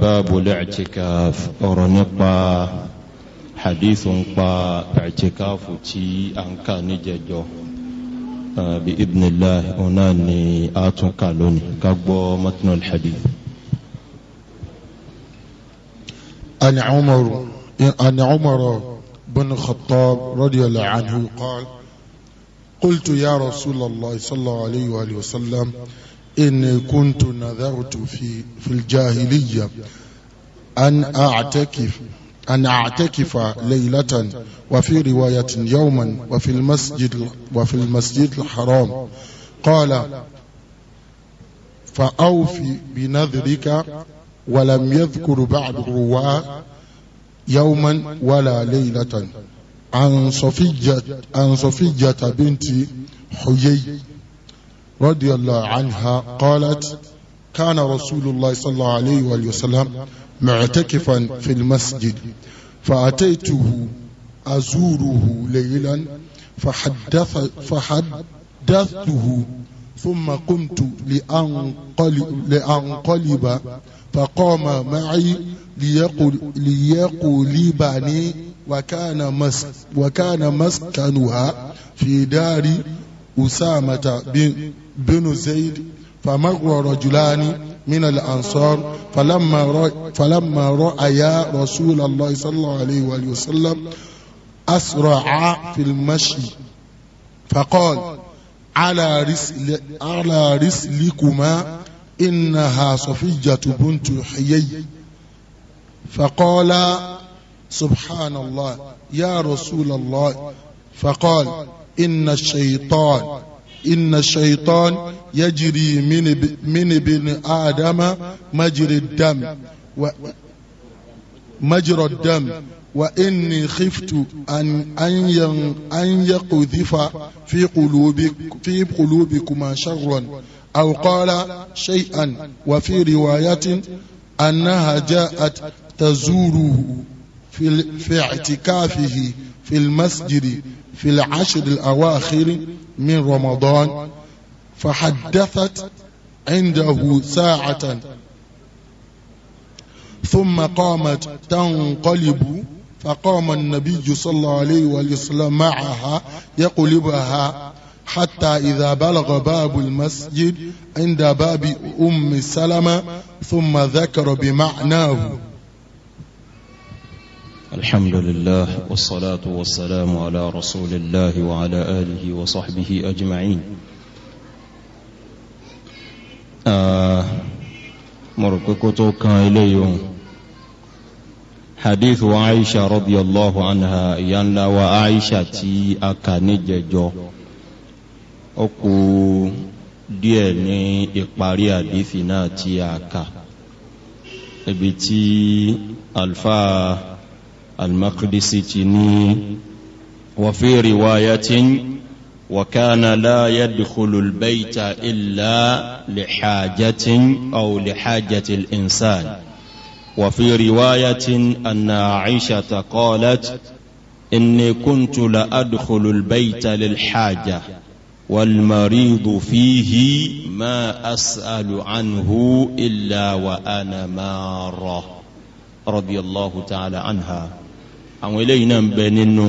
báàbò lẹ́ẹ̀tíkáf ọ̀rọ̀ nípa hadithu ń pa ẹ̀tíkáfù tí a ń kà níjẹjọ bí ibnillah ọ̀nà ni a tún kà lónìí ká gbọ́ matnul hadith. عن عمر عن عمر بن الخطاب رضي الله عنه قال قلت يا رسول الله صلى الله عليه وسلم إني كنت نذرت في في الجاهلية أن أعتكف أن أعتكف ليلة وفي رواية يوما وفي المسجد وفي المسجد الحرام قال فأوف بنذرك ولم يذكر بعد الرواة يوما ولا ليلة عن صفية عن صفية بنت حيي رضي الله عنها قالت كان رسول الله صلى الله عليه وسلم معتكفا في المسجد فأتيته أزوره ليلا فحدث فحدثته ثم قمت لأنقلب, فقام معي ليقل ليقلبني وكان مس وكان مسكنها في دار أسامة بن, بن زيد فمر رجلان من الأنصار فلما رأي فلما رأيا رسول الله صلى الله عليه وآله وسلم أسرعا في المشي فقال على رسل على رسلكما إنها صفية بنت حيي فقال سبحان الله يا رسول الله فقال إن الشيطان إن الشيطان يجري من من ابن آدم مجرى الدم مجرى الدم وإني خفت أن أن أن يقذف في قلوبك في قلوبكما شرا أو قال شيئا وفي رواية أنها جاءت تزوره في في اعتكافه في المسجد في العشر الأواخر من رمضان فحدثت عنده ساعة ثم قامت تنقلب فقام النبي صلى الله عليه وسلم معها يقلبها حتى إذا بلغ باب المسجد عند باب أم سلمة ثم ذكر بمعناه الحمد لله والصلاة والسلام على رسول الله وعلى آله وصحبه أجمعين مرككتو كان إليهم حديث عائشة رضي الله عنها يانا وعائشة تي جو. أكو díẹ̀ ní ìparí تي أكا. tí a المقدس تني وفي رواية وكان لا يدخل البيت إلا لحاجة أو لحاجة الإنسان وفي رواية أن عائشة قالت إني كنت لأدخل البيت للحاجة والمريض فيه ما أسأل عنه إلا وأنا مارة رضي الله تعالى عنها àwọn eléyìí náà ń bẹ nínú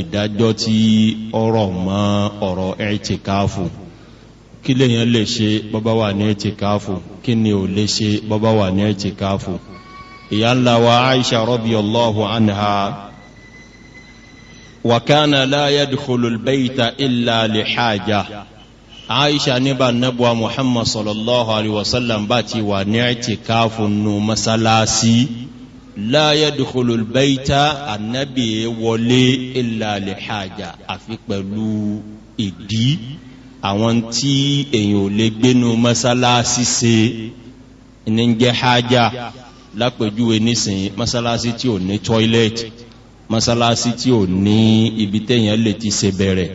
ìdájọ́ tí ọ̀rọ̀ mọ́ ọ̀rọ̀ ẹ̀tìkáàfù kí lèyàn lè ṣe bọ́bá wà ní ẹ̀tìkáàfù kí ni ò lè ṣe bọ́bá wà ní ẹ̀tìkáàfù ìyá ńlá wa aisha radiyallahu anha wa kana la yadkhulul bayta illa li aisha níbà nẹ́bùwa muhammad sallallahu alaihi wasallam bá ti wà ní ẹ̀tìkáàfù nù masalasi láyé dùkúlù bẹ́ẹ̀ta ànábì wọlé ìlàlẹ̀ hajà àfi pẹ̀lú ìdí àwọn tí èyàn ò lè gbénu mọ́sálásí se ní jẹ́ hajà lápẹjúwe nísìnyí mọ́sálásí tí ò ní tọ́ílẹ̀tì mọ́sálásí tí ò ní ibi téèyàn lè ti se bẹ̀rẹ̀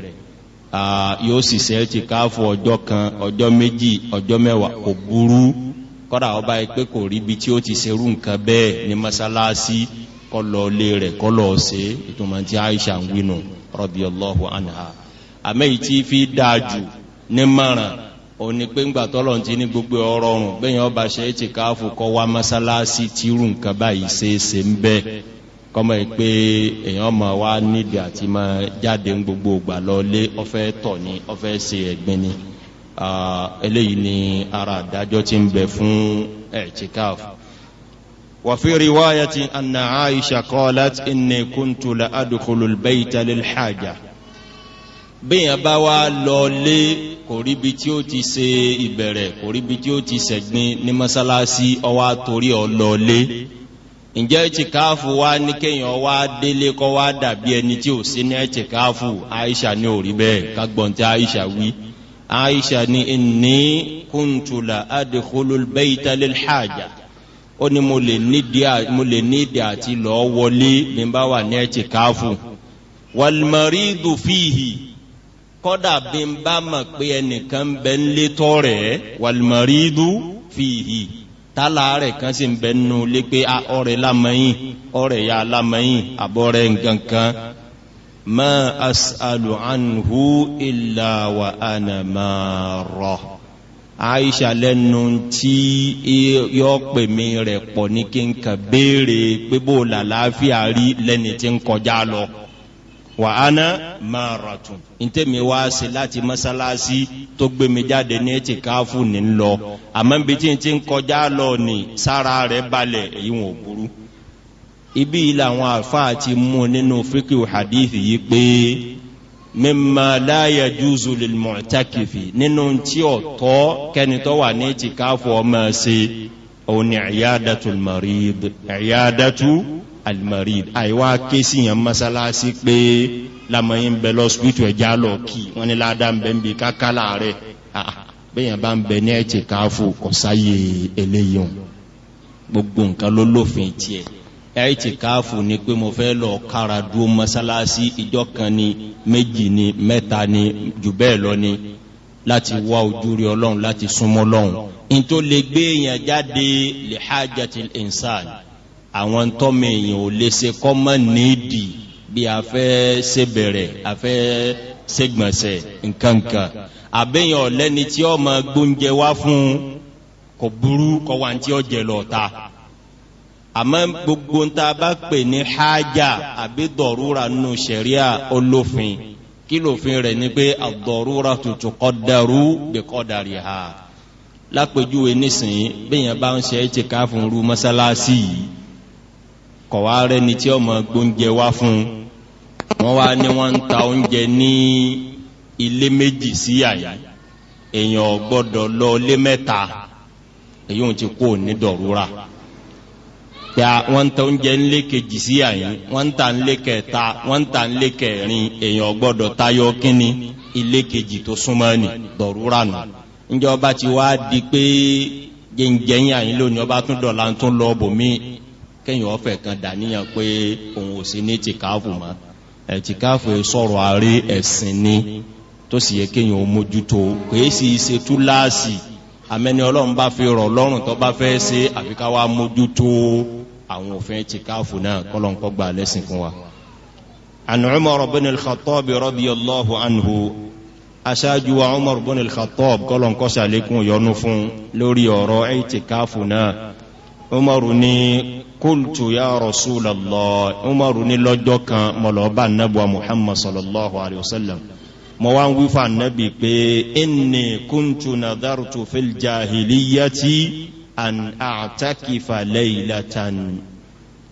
yóò sì sẹ́ẹ̀ káfọ́ ọjọ́ kan ọjọ́ méjì ọjọ́ mẹ́wàá kò burú kọ́ra ọba yìí kò rí ibi tí ó ti ṣerú nǹkan bẹ́ẹ̀ ní masalasi kọlọ rẹ̀ kọlọ ṣe aisha ń anha tí fi dáa jù ní mara òní pé ńgbà tọ́lọ̀ ti ní gbogbo ọ̀rọ̀ ọ̀run bẹ́yìn ọba ṣe é ti kọ́ masalasi tí irú nǹkan báyìí ṣe é ṣe ń yìí pé gbogbo ògbà lọ lé ni ṣe eléyìí ni ara àdájọ́ ti ń bẹ fún ẹ̀tíkáf. وفي رواية أن عائشة قالت إني كنت لأدخل البيت للحاجة bẹ́ẹ̀ bá wá lọ lé kò ríbi tí ó ti ṣe ìbẹ̀rẹ̀ kò ríbi tí ó ti ṣẹ̀gbìn ní mọ́sálásí ọwá torí ọ ǹjẹ́ ẹ̀tìkáàfù wá ní kéèyàn wá délé kọ́ wá dàbí ẹni tí ò sí ní ẹ̀tìkáàfù Aisha ní òrí bẹ́ẹ̀ kágbọ́n tí Aisha wí aisha ni inni kuntula adikulul beitalil hajj ó ní mo lè nídìí àti lọ wọlé ní bá wà ní ẹtì káfù walmaridu fihi kọ́dà bí n bá mọ̀ pé ẹnìkan bẹ ń lé tọ́ rẹ̀ walmaridu fihi tálà rẹ̀ kan sì ń bẹ nù lé pé ah, ọ̀rẹ́ lamẹ́yìn ọ̀rẹ́ ya lamẹ́yìn àbọ̀rẹ́ nǹkan kan ما أسأل عنه إلا وأنا مارة Aisha lẹ́nu tí yọ pè mí rẹ̀ pọ̀ ní kí n kà béèrè pé bó làlàáfíà rí lẹ́ni tí ń kọjá lọ wà á ná máa rà tún ntẹ́mi wá sí láti mọ́sálásí tó gbé mi jáde ní ti káfù ní lọ àmọ́ bí tí n ti ń kọjá lọ ní sára rẹ̀ balẹ̀ èyí wọn burú ibi làwọn àfáà ti mú nínú fíkì hadith yìí pé mímá láyà júùsù lilmu'takifi nínú tí ò tọ́ kẹ́nitọ́ wà ní tìkáfù ọmọ ṣe òun ni ìyádàtú almarid ìyádàtú almarid àìwá ké sí yẹn mọ́sálásí pé lamọ̀yìn bẹ lọ́sibítù ẹ̀já lọ kí wọ́n ní ládàá ń bẹ ń bi kákálà rẹ̀ ah, ah, bẹ́yẹn bá ń bẹ ní ẹ̀tìkáfù kọ̀sáyé eléyìí gbogbo nǹkan ló lófin tiẹ̀ ẹ̀ẹ́tìkáàfù ni pé mo fẹ́ lọ kára dúró mọ́sálásí ìjọ kan ni méjì ni mẹ́ta ni jù bẹ́ẹ̀ lọ ni láti wá ojú rí ọlọ́run láti súnmọ́ ọlọ́run n tó lè gbé èèyàn jáde lè hajjati insan àwọn tọ́mọ èèyàn ò lè ṣe kọ́mọ nídìí bí a fẹ́ ṣe bẹ̀rẹ̀ a fẹ́ ṣe gbọ̀nsẹ̀ nkankan àbẹ́yàn ọ̀lẹ́ni tí ọmọ gbóúnjẹ wá fún kò burú kọ́ wa ní tí ó jẹ lọ́ta àmọ́ gbogbo ń ta bá pè ní hájà àbí dọ̀rúra nù sẹ̀ríà olófin kí lófin rẹ̀ ni pé àdọ̀rúra tutù kọ́ dàrú bí kọ́ dàrí ha lápèjúwe nísìnyí bẹ́yẹn bá ń ṣe é ti ká fún ru mọ́sálásí yìí kọ̀ wá rẹ́ni tí ọmọ gbóúnjẹ wá fún wọn wá ní wọn ń ta oúnjẹ ní ilé méjì sí àyà èèyàn gbọ́dọ̀ lọ ilé mẹ́ta èyí ò ti kó ní dọ̀rúra. ya wọ́n ń ta oúnjẹ ńlé kejì sí wọn ń ta ńlé kẹta wọ́n ń ta ńlé èèyàn sumani tayọ kínní tó ọba ti wá di pé jẹ́njẹ́ yín lónìí ọba tún dọ̀la tún lọ bòmí kẹ́yìn ọfẹ kan dàníyàn pé òun ò sí ní tìkáàfù mọ́ tìkáàfù ni tó sì yẹ mójútó àwọn òfin ẹ̀tìkáàfù náà kọ́lọ́nkọ́ gbà lẹ́sìn fún wa. an Umar bin al-Khattab radiyallahu anhu aṣáájú wa Umar bin al-Khattab kọ́lọ́nkọ́ sàlékún yọnu fún lórí ọ̀rọ̀ ẹ̀tìkáàfù náà Umar ní kultu ya Rasulallah Umar ní lọ́jọ́ kan mọ̀lọ́ba nabuwa Muhammad sallallahu alayhi wa sallam mo wá ń wí fún anabi pé inni kuntu nadartu fil an a'takifa laylatan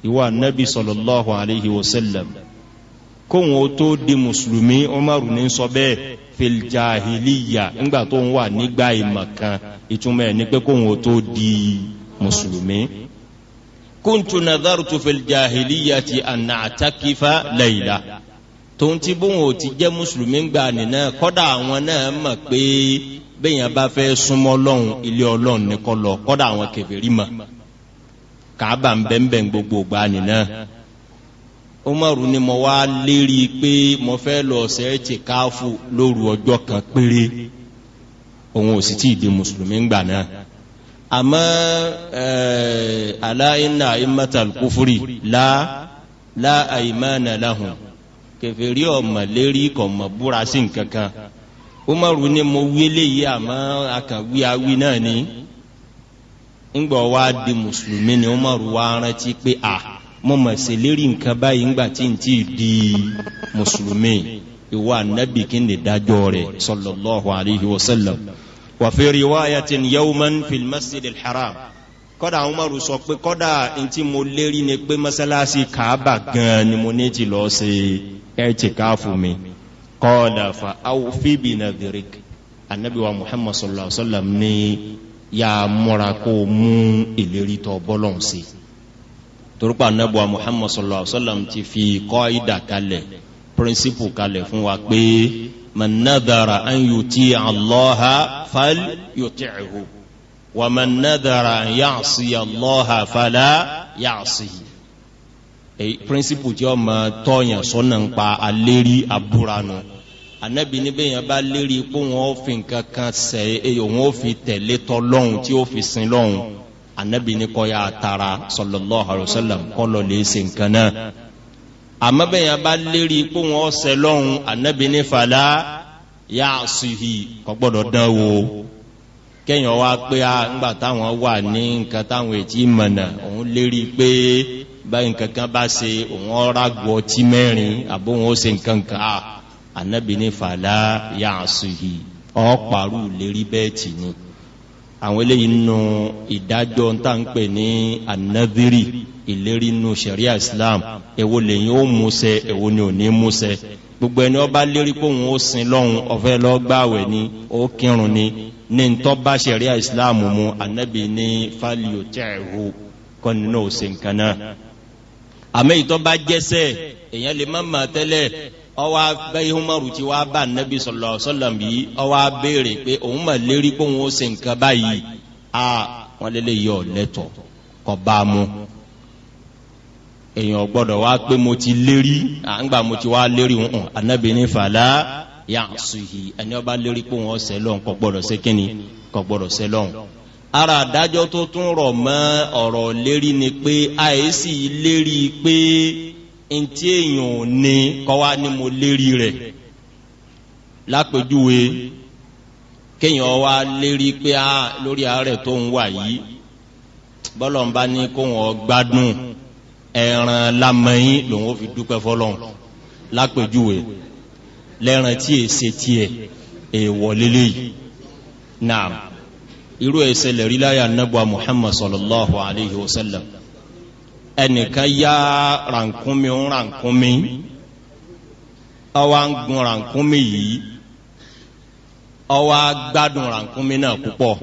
ìwà nabi sallallahu alayhi wa sallam kóhun ó tó di mùsùlùmí Umaru ní sọ bẹ́ẹ̀ fil jahiliya ńgbà tó ń wà nígbà ìmọ̀ kan ìtumọ̀ ẹ̀ ní pé kóhun ó tó di mùsùlùmí. kuntu nadhartu fil jahiliyati an a'takifa layla. tóun tí bóun ò ti jẹ́ mùsùlùmí gbà nínú kọ́dà àwọn náà mọ̀ pé bẹ́yàn bá fẹ́ súnmọ́ ọlọ́run ilé ọlọ́run ní kọ́ lọ kọ́dà àwọn kẹfìrí mọ̀ ń gbogbo ni mo wá lérí pé mo fẹ́ lọ ṣe lóru kan péré òun ò sì tí ì di mùsùlùmí náà àmọ́ eh, aláìna imatal la lá lá àìmánà kẹfẹ́rí ọ̀mọ̀ lérí kọ̀ mọ̀ búra sí nǹkan kan umaru ni mo wí eléyìí àmọ́ akàwé náà ni ńgbà wa di mùsùlùmí ni umaru wa rántí pé a mo mọ̀ sí lérí nǹkan báyìí ńgbà tí n ti di mùsùlùmí ìwà anabi kí ni dájọ́ rẹ̀ sallallahu alayhi wa sallam wa fi riwayatin yawman fil masjid al-haram kọ́dà àwọn ọmọ sọ pé kọ́dà ntí mo lérí ni pé mọ́sálásí kàábà gan ni mo ní ti lọ́ọ́ ṣe ẹ̀tìkáfù mi kọ́ọ̀dà fa awfi bi nadhirik anabi wa muhammad sallallahu alaihi wa sallam ní yà á múra kó mú ìlérí tó bọ́lọ̀ sí torípa anabi wa muhammad sallallahu alaihi wa ti fi kọ́ ìdà kalẹ̀ píríncípù kalẹ̀ fún wa pé man an yuti allaha fal yuti'hu wa man an ya'si allaha fala ya'sihi èyí píríncípù tí ó máa tọ́yàn sọ́nà ń pa alérí abúranu anabi níbẹ̀ yẹn bá lérí pé wọn ò fi nǹkan kan sẹ̀ ẹ́ wọn fi tẹ̀lé tọ́ lọ́hùn tí ó fi sin lọ́hùn anabi ní kọ́ ya tara sallallahu alayhi wa sallam kọ́lọ̀ lè ṣe nǹkan náà àmọ́ bẹ́ẹ̀ yẹn bá lérí pé wọn ò sẹ̀ lọ́hùn anabi ní fàlà yà á sùhì kọ́ gbọ́dọ̀ dán wò kẹ́yìn wá pé a ah, ńgbà táwọn wà ní nǹkan táwọn ètí mọ̀nà òun lérí pé báyìí kankan bá ṣe òun ọ̀rá gbọ́ tí mẹ́rin àbó òun ó ṣe nǹkan kan ah, á anabi ní fàlà yàásùhì ọ̀pàrù lérí bẹ́ẹ̀ tì ní. àwọn eléyìí nù ìdájọ́ tá ń pè ní anabiri ìlérí nù sharia islam èwo lèyìn ó musẹ èwo ni ò ní musẹ gbogbo ẹni ọba lérí pé òun ó sin lọ́hùn ọ̀fẹ́ lọ́ọ́ ni ó kírun ni ní ntọ́ bá sharia islam mu anabi ní fàlì òtẹ́ kọ́ni náà ó ṣe nǹkan náà àmọ́ ìtọ́ bá jẹ́sẹ̀ èèyàn lè má mà tẹ́lẹ̀ ọwọ́ abẹ́yẹ Umaru tí wàá bá nẹ́bí sallallahu alaihi wasallam ọwọ́ abéèrè pé òun mà lérí pé òun ó ṣe nǹkan báyìí a wọn lélẹ̀ yọ lẹ́tọ̀ kọ́ bá a mú èèyàn gbọ́dọ̀ wá pé mo ti lérí à ń gbà mo ti wá lérí hùn anábì ní fàlà yà ń ẹni ọba lérí pé òun ọ̀sẹ̀ lọ́n kọ́ gbọ́dọ̀ ṣe kọ́ gbọ́dọ̀ ṣe lọ́n ara àdájọ́ tó tún rọ̀ mọ́ ọ̀rọ̀ lérí ni pé àìsí lérí pé ntí èèyàn ò ní kọ́ wa ni mo lérí rẹ̀ lápèjúwe kéèyàn wa lérí pé a lórí àárẹ̀ tó ń wà yìí bọ́lọ̀ ń bá ní kó wọn gbádùn ẹran lamẹ́yìn lòun ó fi dúpẹ́ fọlọ́n lápèjúwe lẹ́ran tí èsè tiẹ̀ èèwọ̀ lélẹ́yìí náà irú ẹsẹ̀ lẹ̀rí láyà nẹ́bùa muhammad sallallahu alayhi wa sallam ẹnìkan yá rànkúnmi ń rànkúnmi ọwọ́ ń gun rànkúnmi yìí ọwọ́ gbádùn rànkúnmi náà púpọ̀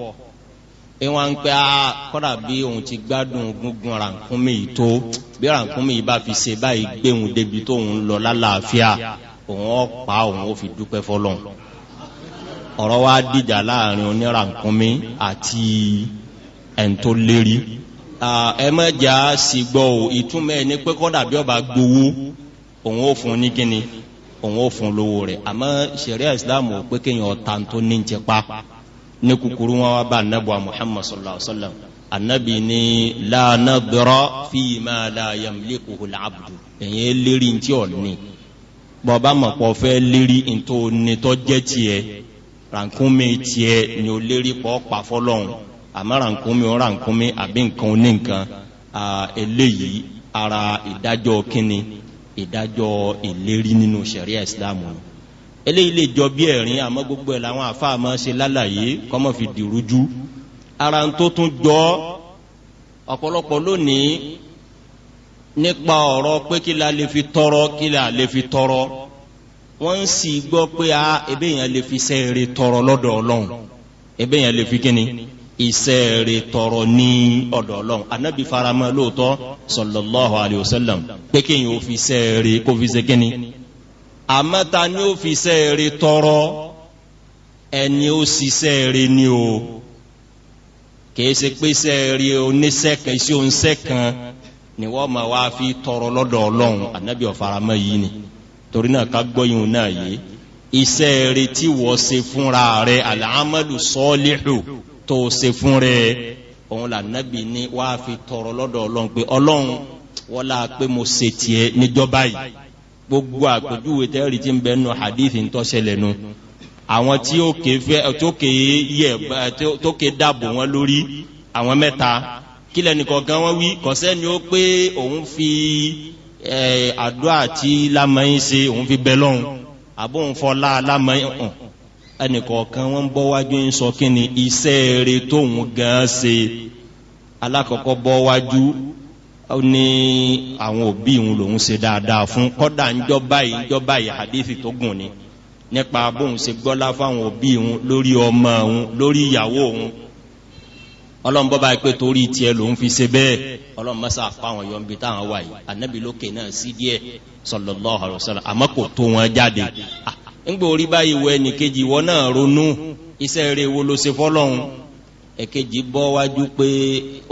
ìwọ̀n ń pẹ́ a ah, kọ́dà bí òun ti gbádùn gungun rànkúnmi yìí tó bí rànkúnmi yìí bá fi ṣe báyìí gbé òun débi tó òun lọ lálàáfíà òun ọ̀pá òun ó fi dúpẹ́ fọlọ́run ọ̀rọ̀ wa dìjà láàrin onírankunmi àti ẹ̀ńtó lérí ẹ mẹ́jà sì gbọ́ ò ìtumọ̀ ẹ̀ ní pé kọ́dà bí ọba gbowó òun ò fún ní kíni òun ò fún lówó rẹ̀ àmọ́ sẹ̀ríà ìsìláàmù ò pé kéèyàn ọ̀tá tó ní jẹpa ní kúkúrú wọn wá bá anabu muhammad sallallahu alaihi wa sallam anabi ni laana dọrọ fíìmà láyàmúlẹ kòhùn làbùdù ẹ̀yìn eléri ntí ọ̀ ní bọ́ọ̀ bá mọ̀ pọ̀ fẹ́ lérí ntó nítọ́ jẹ́ tiẹ̀ rànkúnmi tiẹ̀ ni ó lérí pọ̀ pa fọlọ́hún àmọ́ rànkúnmi ó rànkúnmi àbí nǹkan oní nǹkan eléyìí ara ìdájọ́ kínni ìdájọ́ ìlérí nínú sẹ̀ríà ìsìlámù ni eléyìí lè jọ bí ẹ̀rín àmọ́ gbogbo ẹ̀ làwọn àfa àmọ́ ṣe lálàyé kọ́mọ́ fi dìrújú ara ń tó tún jọ ọ̀pọ̀lọpọ̀ lónìí nípa ọ̀rọ̀ pé kí la lè fi tọrọ kí la lè fi tọrọ wọ́n ń sì gbọ́ pé a ebe yẹn lè fi sẹ́ẹ̀rẹ̀ tọrọ lọ́dọ̀ ọlọ́run ebe yẹn lè fi kíni ìsẹ́ẹ̀rẹ̀ tọrọ ní ọ̀dọ̀ ọlọ́run anabi farama lóòótọ́ sallallahu alayhi wa sallam pé kéèyàn ó fi sẹ́ẹ̀rẹ̀ kó fi ṣe kíni àmọ́ ta ni ó fi sẹ́ẹ̀rẹ̀ tọrọ ẹni ó sì sẹ́ẹ̀rẹ̀ ni o kìí ṣe pé sẹ́ẹ̀rẹ̀ oníṣẹ́kan iṣẹ́ oníṣẹ́kan ni wọ́n máa wá fi tọrọ lọ́dọ̀ ọlọ́run anabi ọ̀faramọ́ yìí ni torí náà ká gbọ́yìn náà yìí iṣẹ́ rẹ tí wọ́n ṣe fúnra rẹ al-amalu salihu tó ṣe fún rẹ òun là nábì ní wá fi tọrọ lọ́dọ̀ ọlọ́run pé ọlọ́run wọ́n la pé mo ṣe tiẹ̀ níjọba yìí gbogbo àpèjúwe tẹ́rì tí ń bẹ nù hadithi ń tọ́ṣẹlẹ̀ nu àwọn tí ó ké fẹ́ tó ké yẹ tó ké dàbò wọn lórí àwọn mẹ́ta kílẹ̀ nìkan gan wọ́n wí kọ́sẹ́ni ó pé òun fi àdúrà tí lámàáyín ṣe òun fi bẹ lọ́hùn àbóhùn fọlá lámàáyín hàn ẹnìkọ̀ọ̀kan wọn bọ́ wájú ń sọ kí ni iṣẹ́ eré tóun gan ṣe alákọ̀ọ́kọ́ bọ́ wájú ó ní àwọn òbí òun lòun ṣe dáadáa fún kọ́dà ńjọ́ báyìí ńjọ́ báyìí hadisi tó gùn ni nípa bóun ṣe gbọ́lá fáwọn òbí òun lórí ọmọ òun lórí ìyàwó òun ọlọ́run bọ́ báyìí pé torí tiẹ̀ lòun fi ṣe bẹ́ẹ̀ ọlọ́run mọ́sá apáwọn yọ̀ ń bi táwọn wà yìí anabi lókè náà sí díẹ̀ sallallahu alaihi wasallam àmọ́ kò tó wọn jáde ńgbò orí báyìí wọ ẹnì kejì wọn náà ronú iṣẹ́ rẹ̀ wo ló ṣe fọ́lọ́run èkejì bọ́ wájú pé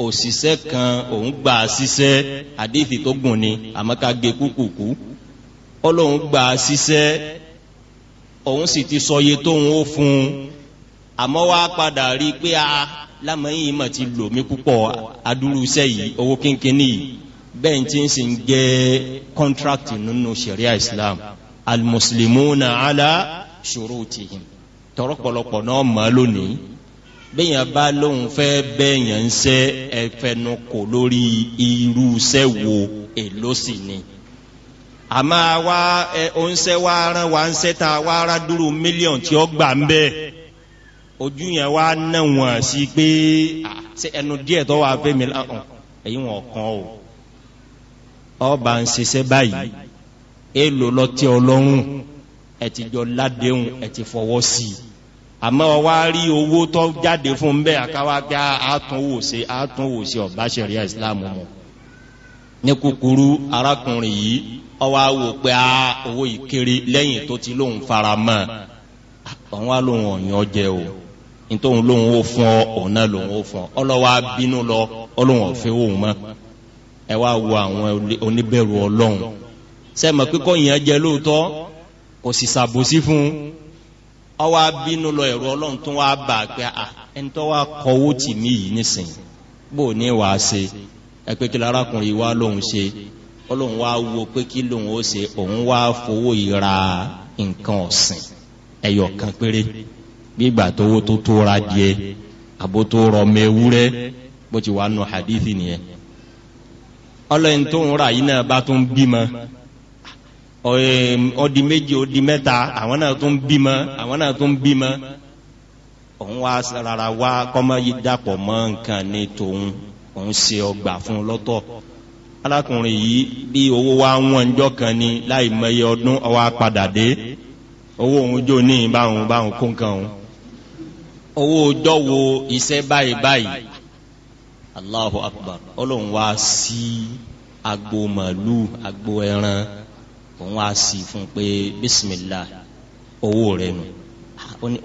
òṣìṣẹ́ kan òun gbà ṣiṣẹ́ àdéhìí tó gùn ni àmọ́ ká gé kúkúkú ọlọ́run gbà ṣiṣẹ́ òun sì ti sọ iye tóun ó fún un àmọ́ wá padà rí i pé a ah, lámọ̀yìn yìí mà ti lò mí púpọ̀ adúrúsẹ́ yìí owó kínkínní yìí bẹ́ẹ̀ tí ń sin jẹ́ contract nínú sharia islam almuslimuna ala shurutihim tọrọ pọ̀lọpọ̀ náà mọ lónìí bẹ́ẹ̀yàn bá lóun fẹ́ bẹ́ẹ̀yàn ń sẹ́ ẹfẹnu kò lórí irúsẹ́ wo èló sì ni àmọ́ wa ẹ oúnṣẹ́ wa rán wa ń sẹ́ta wa rá dúró mílíọ̀n tí ó gbà ń bẹ́ẹ̀ ojú yẹn wá ná sí pé ṣe ẹnu díẹ̀ tó wà fẹ́mi láhùn èyí wọn kàn o ọba ń ṣiṣẹ́ báyìí èèlò lọ́tí ọlọ́run ẹ ti jọ ládéhùn ẹ ti fọwọ́ sí i àmọ́ wá rí owó tó jáde fún un bẹ́ẹ̀ àkáwá pé àtúnwò ṣe àtúnwò ṣe ọ̀bá ṣẹ̀ríà islam mu ní kúkúrú arákùnrin yìí ọwọ́ àwò pé a owó yìí kéré lẹ́yìn tó ti lóun fara mọ́ ọ̀hún wá ọ̀yàn jẹ o nítorí lóun ó fún ọ òun náà lóun ó fún ọ ọlọ́wọ́ abínú lọ ọlọ́wọ́ ọ̀fẹ́ òun mọ́ ẹ wá wo àwọn oníbẹ̀rù ọlọ́run sẹ́mi kíkọ́ yẹn jẹ lóòótọ́ kò sì ṣàbòsí fún un ọwọ́ abínú lọ ẹ̀rọ ọlọ́run tó wá bà pé à ẹni tó wá kọ owó tì mí yìí nísìnyí bó o ní wàá ṣe ẹ pé kí larákùnrin wa lòun ṣe ọlọ́run wá wo pé kí lòun ó ṣe òun wá fowó yìí ra nǹkan ọ̀sìn ẹyọ kan péré gbígbà tówó tó tó ra díẹ̀ àbó tó rọmọ ewúrẹ́ bó ti wà nù hadithi nìyẹn ọlọ́yin tó ń ra yìí náà bá tó ń bímọ ọdí méjì ọdí mẹ́ta àwọn náà tó ń bímọ àwọn náà tó ń bímọ òun wá rárá wá kọ́mọ́ yìí dàpọ̀ mọ́ nǹkan ní tòun òun ṣe ọgbà fún lọ́tọ̀ alákùnrin yìí bí owó wa wọn njọ́ kan ni láì mọye ọdún ọwọ́ apàdà owó òun jò ní ìbáwọn báwọn kó nǹkan òun owó ọjọ́ wo iṣẹ́ báyìí báyìí allahu akbar ọlọ́run wá sí agbo màálù agbo ẹran òun wá sí fún pé bisimilah owó rẹ nù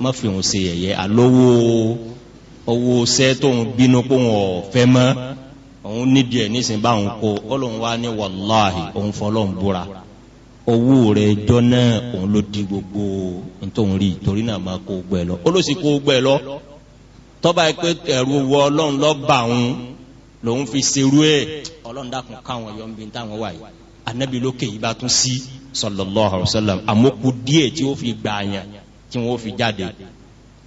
má fi òun ṣe yẹ̀yẹ́ alówó owó ṣẹ́ tóun bínú pé òun ò fẹ́ mọ́ òun nídìí ẹ̀ nísìnyí báwọn kó ọlọ́run wá ní wàláhì òun fọlọ́run búra owó rẹ̀ jọ náà òun ló di gbogbo nítorí rí torí náà máa kó gbẹ lọ ó ló sì kó gbẹ lọ tọ́ba yìí pé ẹ̀rù wọ ọlọ́run lọ́ba òun lòun fi serú ẹ̀ ọlọ́run dákun káwọn yọ̀ ń bí táwọn wà yìí anabi lókè yìí bá tún sí sallallahu alayhi wa sallam àmókù díẹ̀ tí ó fi gbà yàn tí wọ́n fi jáde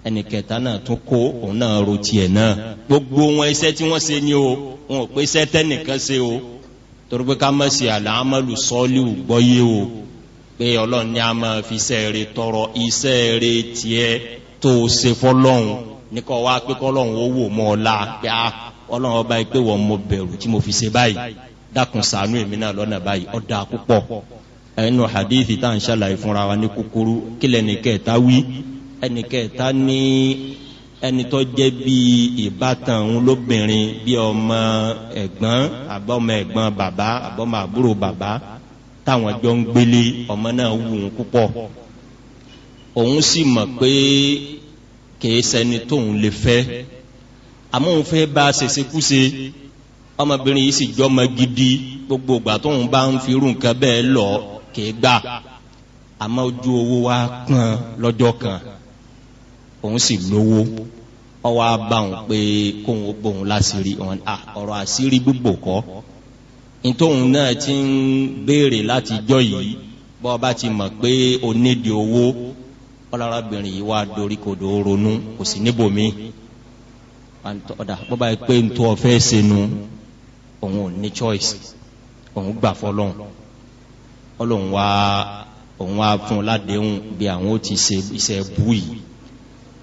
ẹnì kẹta náà tún kó òun náà ro tiẹ̀ náà gbogbo wọn iṣẹ́ tí wọ́n ṣe ni o wọn ò pé iṣẹ́ ṣe o torí pé ká má ṣe àlàámọ́lù sọ́ọ́lì gbọ́yé o pé ọlọ́run ní a máa fi iṣẹ́ rẹ tọrọ iṣẹ́ rẹ tiẹ̀ tó o ṣe fọlọ́run ní kọ́ wá pé kọ́lọ́run ó wò mọ́ ọ la pé a ah, ọlọ́run ọba yìí pé wọ́n mo bẹ̀rù tí mo fi ṣe báyìí dákun ṣàánú èmi náà lọ́nà báyìí ó dáa púpọ̀ ẹnu hadithi tá à ń ṣàlàyé fúnra wa ní kúkúrú kílẹ̀ ní kẹta wí ẹnì kẹta ní ẹni tó jẹ́ bí ìbátan òun lóbìnrin bí ọmọ ẹ̀gbọ́n àbọ̀mọ ẹ̀gbọ́n bàbá baba àbúrò bàbá táwọn jọ ń gbélé ọmọ náà wù ú púpọ̀ òun sì mọ̀ pé kìí ṣẹni tóun lè fẹ́ àmọ́ òun fẹ́ bá a ṣèṣekúṣe ọmọbìnrin yìí sì jọmọ gidi gbogbo ìgbà bá ń fi nǹkan bẹ́ẹ̀ lọ kìí gbà àmọ́ ojú owó wa kàn lọ́jọ́ kan òun sì lówó ọwọ abáwọn pé kóun bóun láṣìírí wọn à ọ̀rọ̀ àṣírí gbogbo kọ nítòun náà ti ń béèrè láti jọ yìí bọ́ ọba ti mọ̀ pé o nídìí owó ọlọ́rọ̀bìnrin yìí wá dorí kodò ronú kò sí níbòmí ọ̀dà bó bá pé n ọ̀fẹ́ senu òun ò ní choice òun gbà fọlọ́n ọlọ́run wá òun wá fún un ládéhùn bí àwọn ó ti ṣe iṣẹ́ bú yìí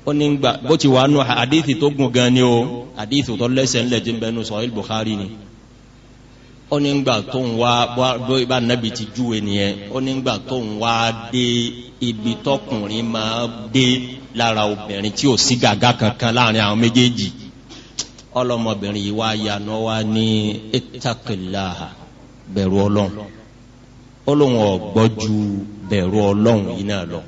ó ní gbà bó ti wà nù àdìsí tó gùn gan ni o àdìsí tó lẹ́sẹ̀ ńlẹ̀ tí ń bẹ nù sọ̀rọ̀ Bukhari ni ó ní gbà tó ń wá bó ibà nàbì ti júwe nìyẹn ó ní gbà tó ń wá dé ibi tọkùnrin máa dé lára obìnrin tí ò sí gàgà kankan láàrin àwọn méjèèjì ọlọmọbìnrin yìí wá yaná wá ní ittaqillaha bẹ̀rù ọlọ́run ó lóun ọ̀gbọ́jú bẹ̀rù ọlọ́run yìí náà lọ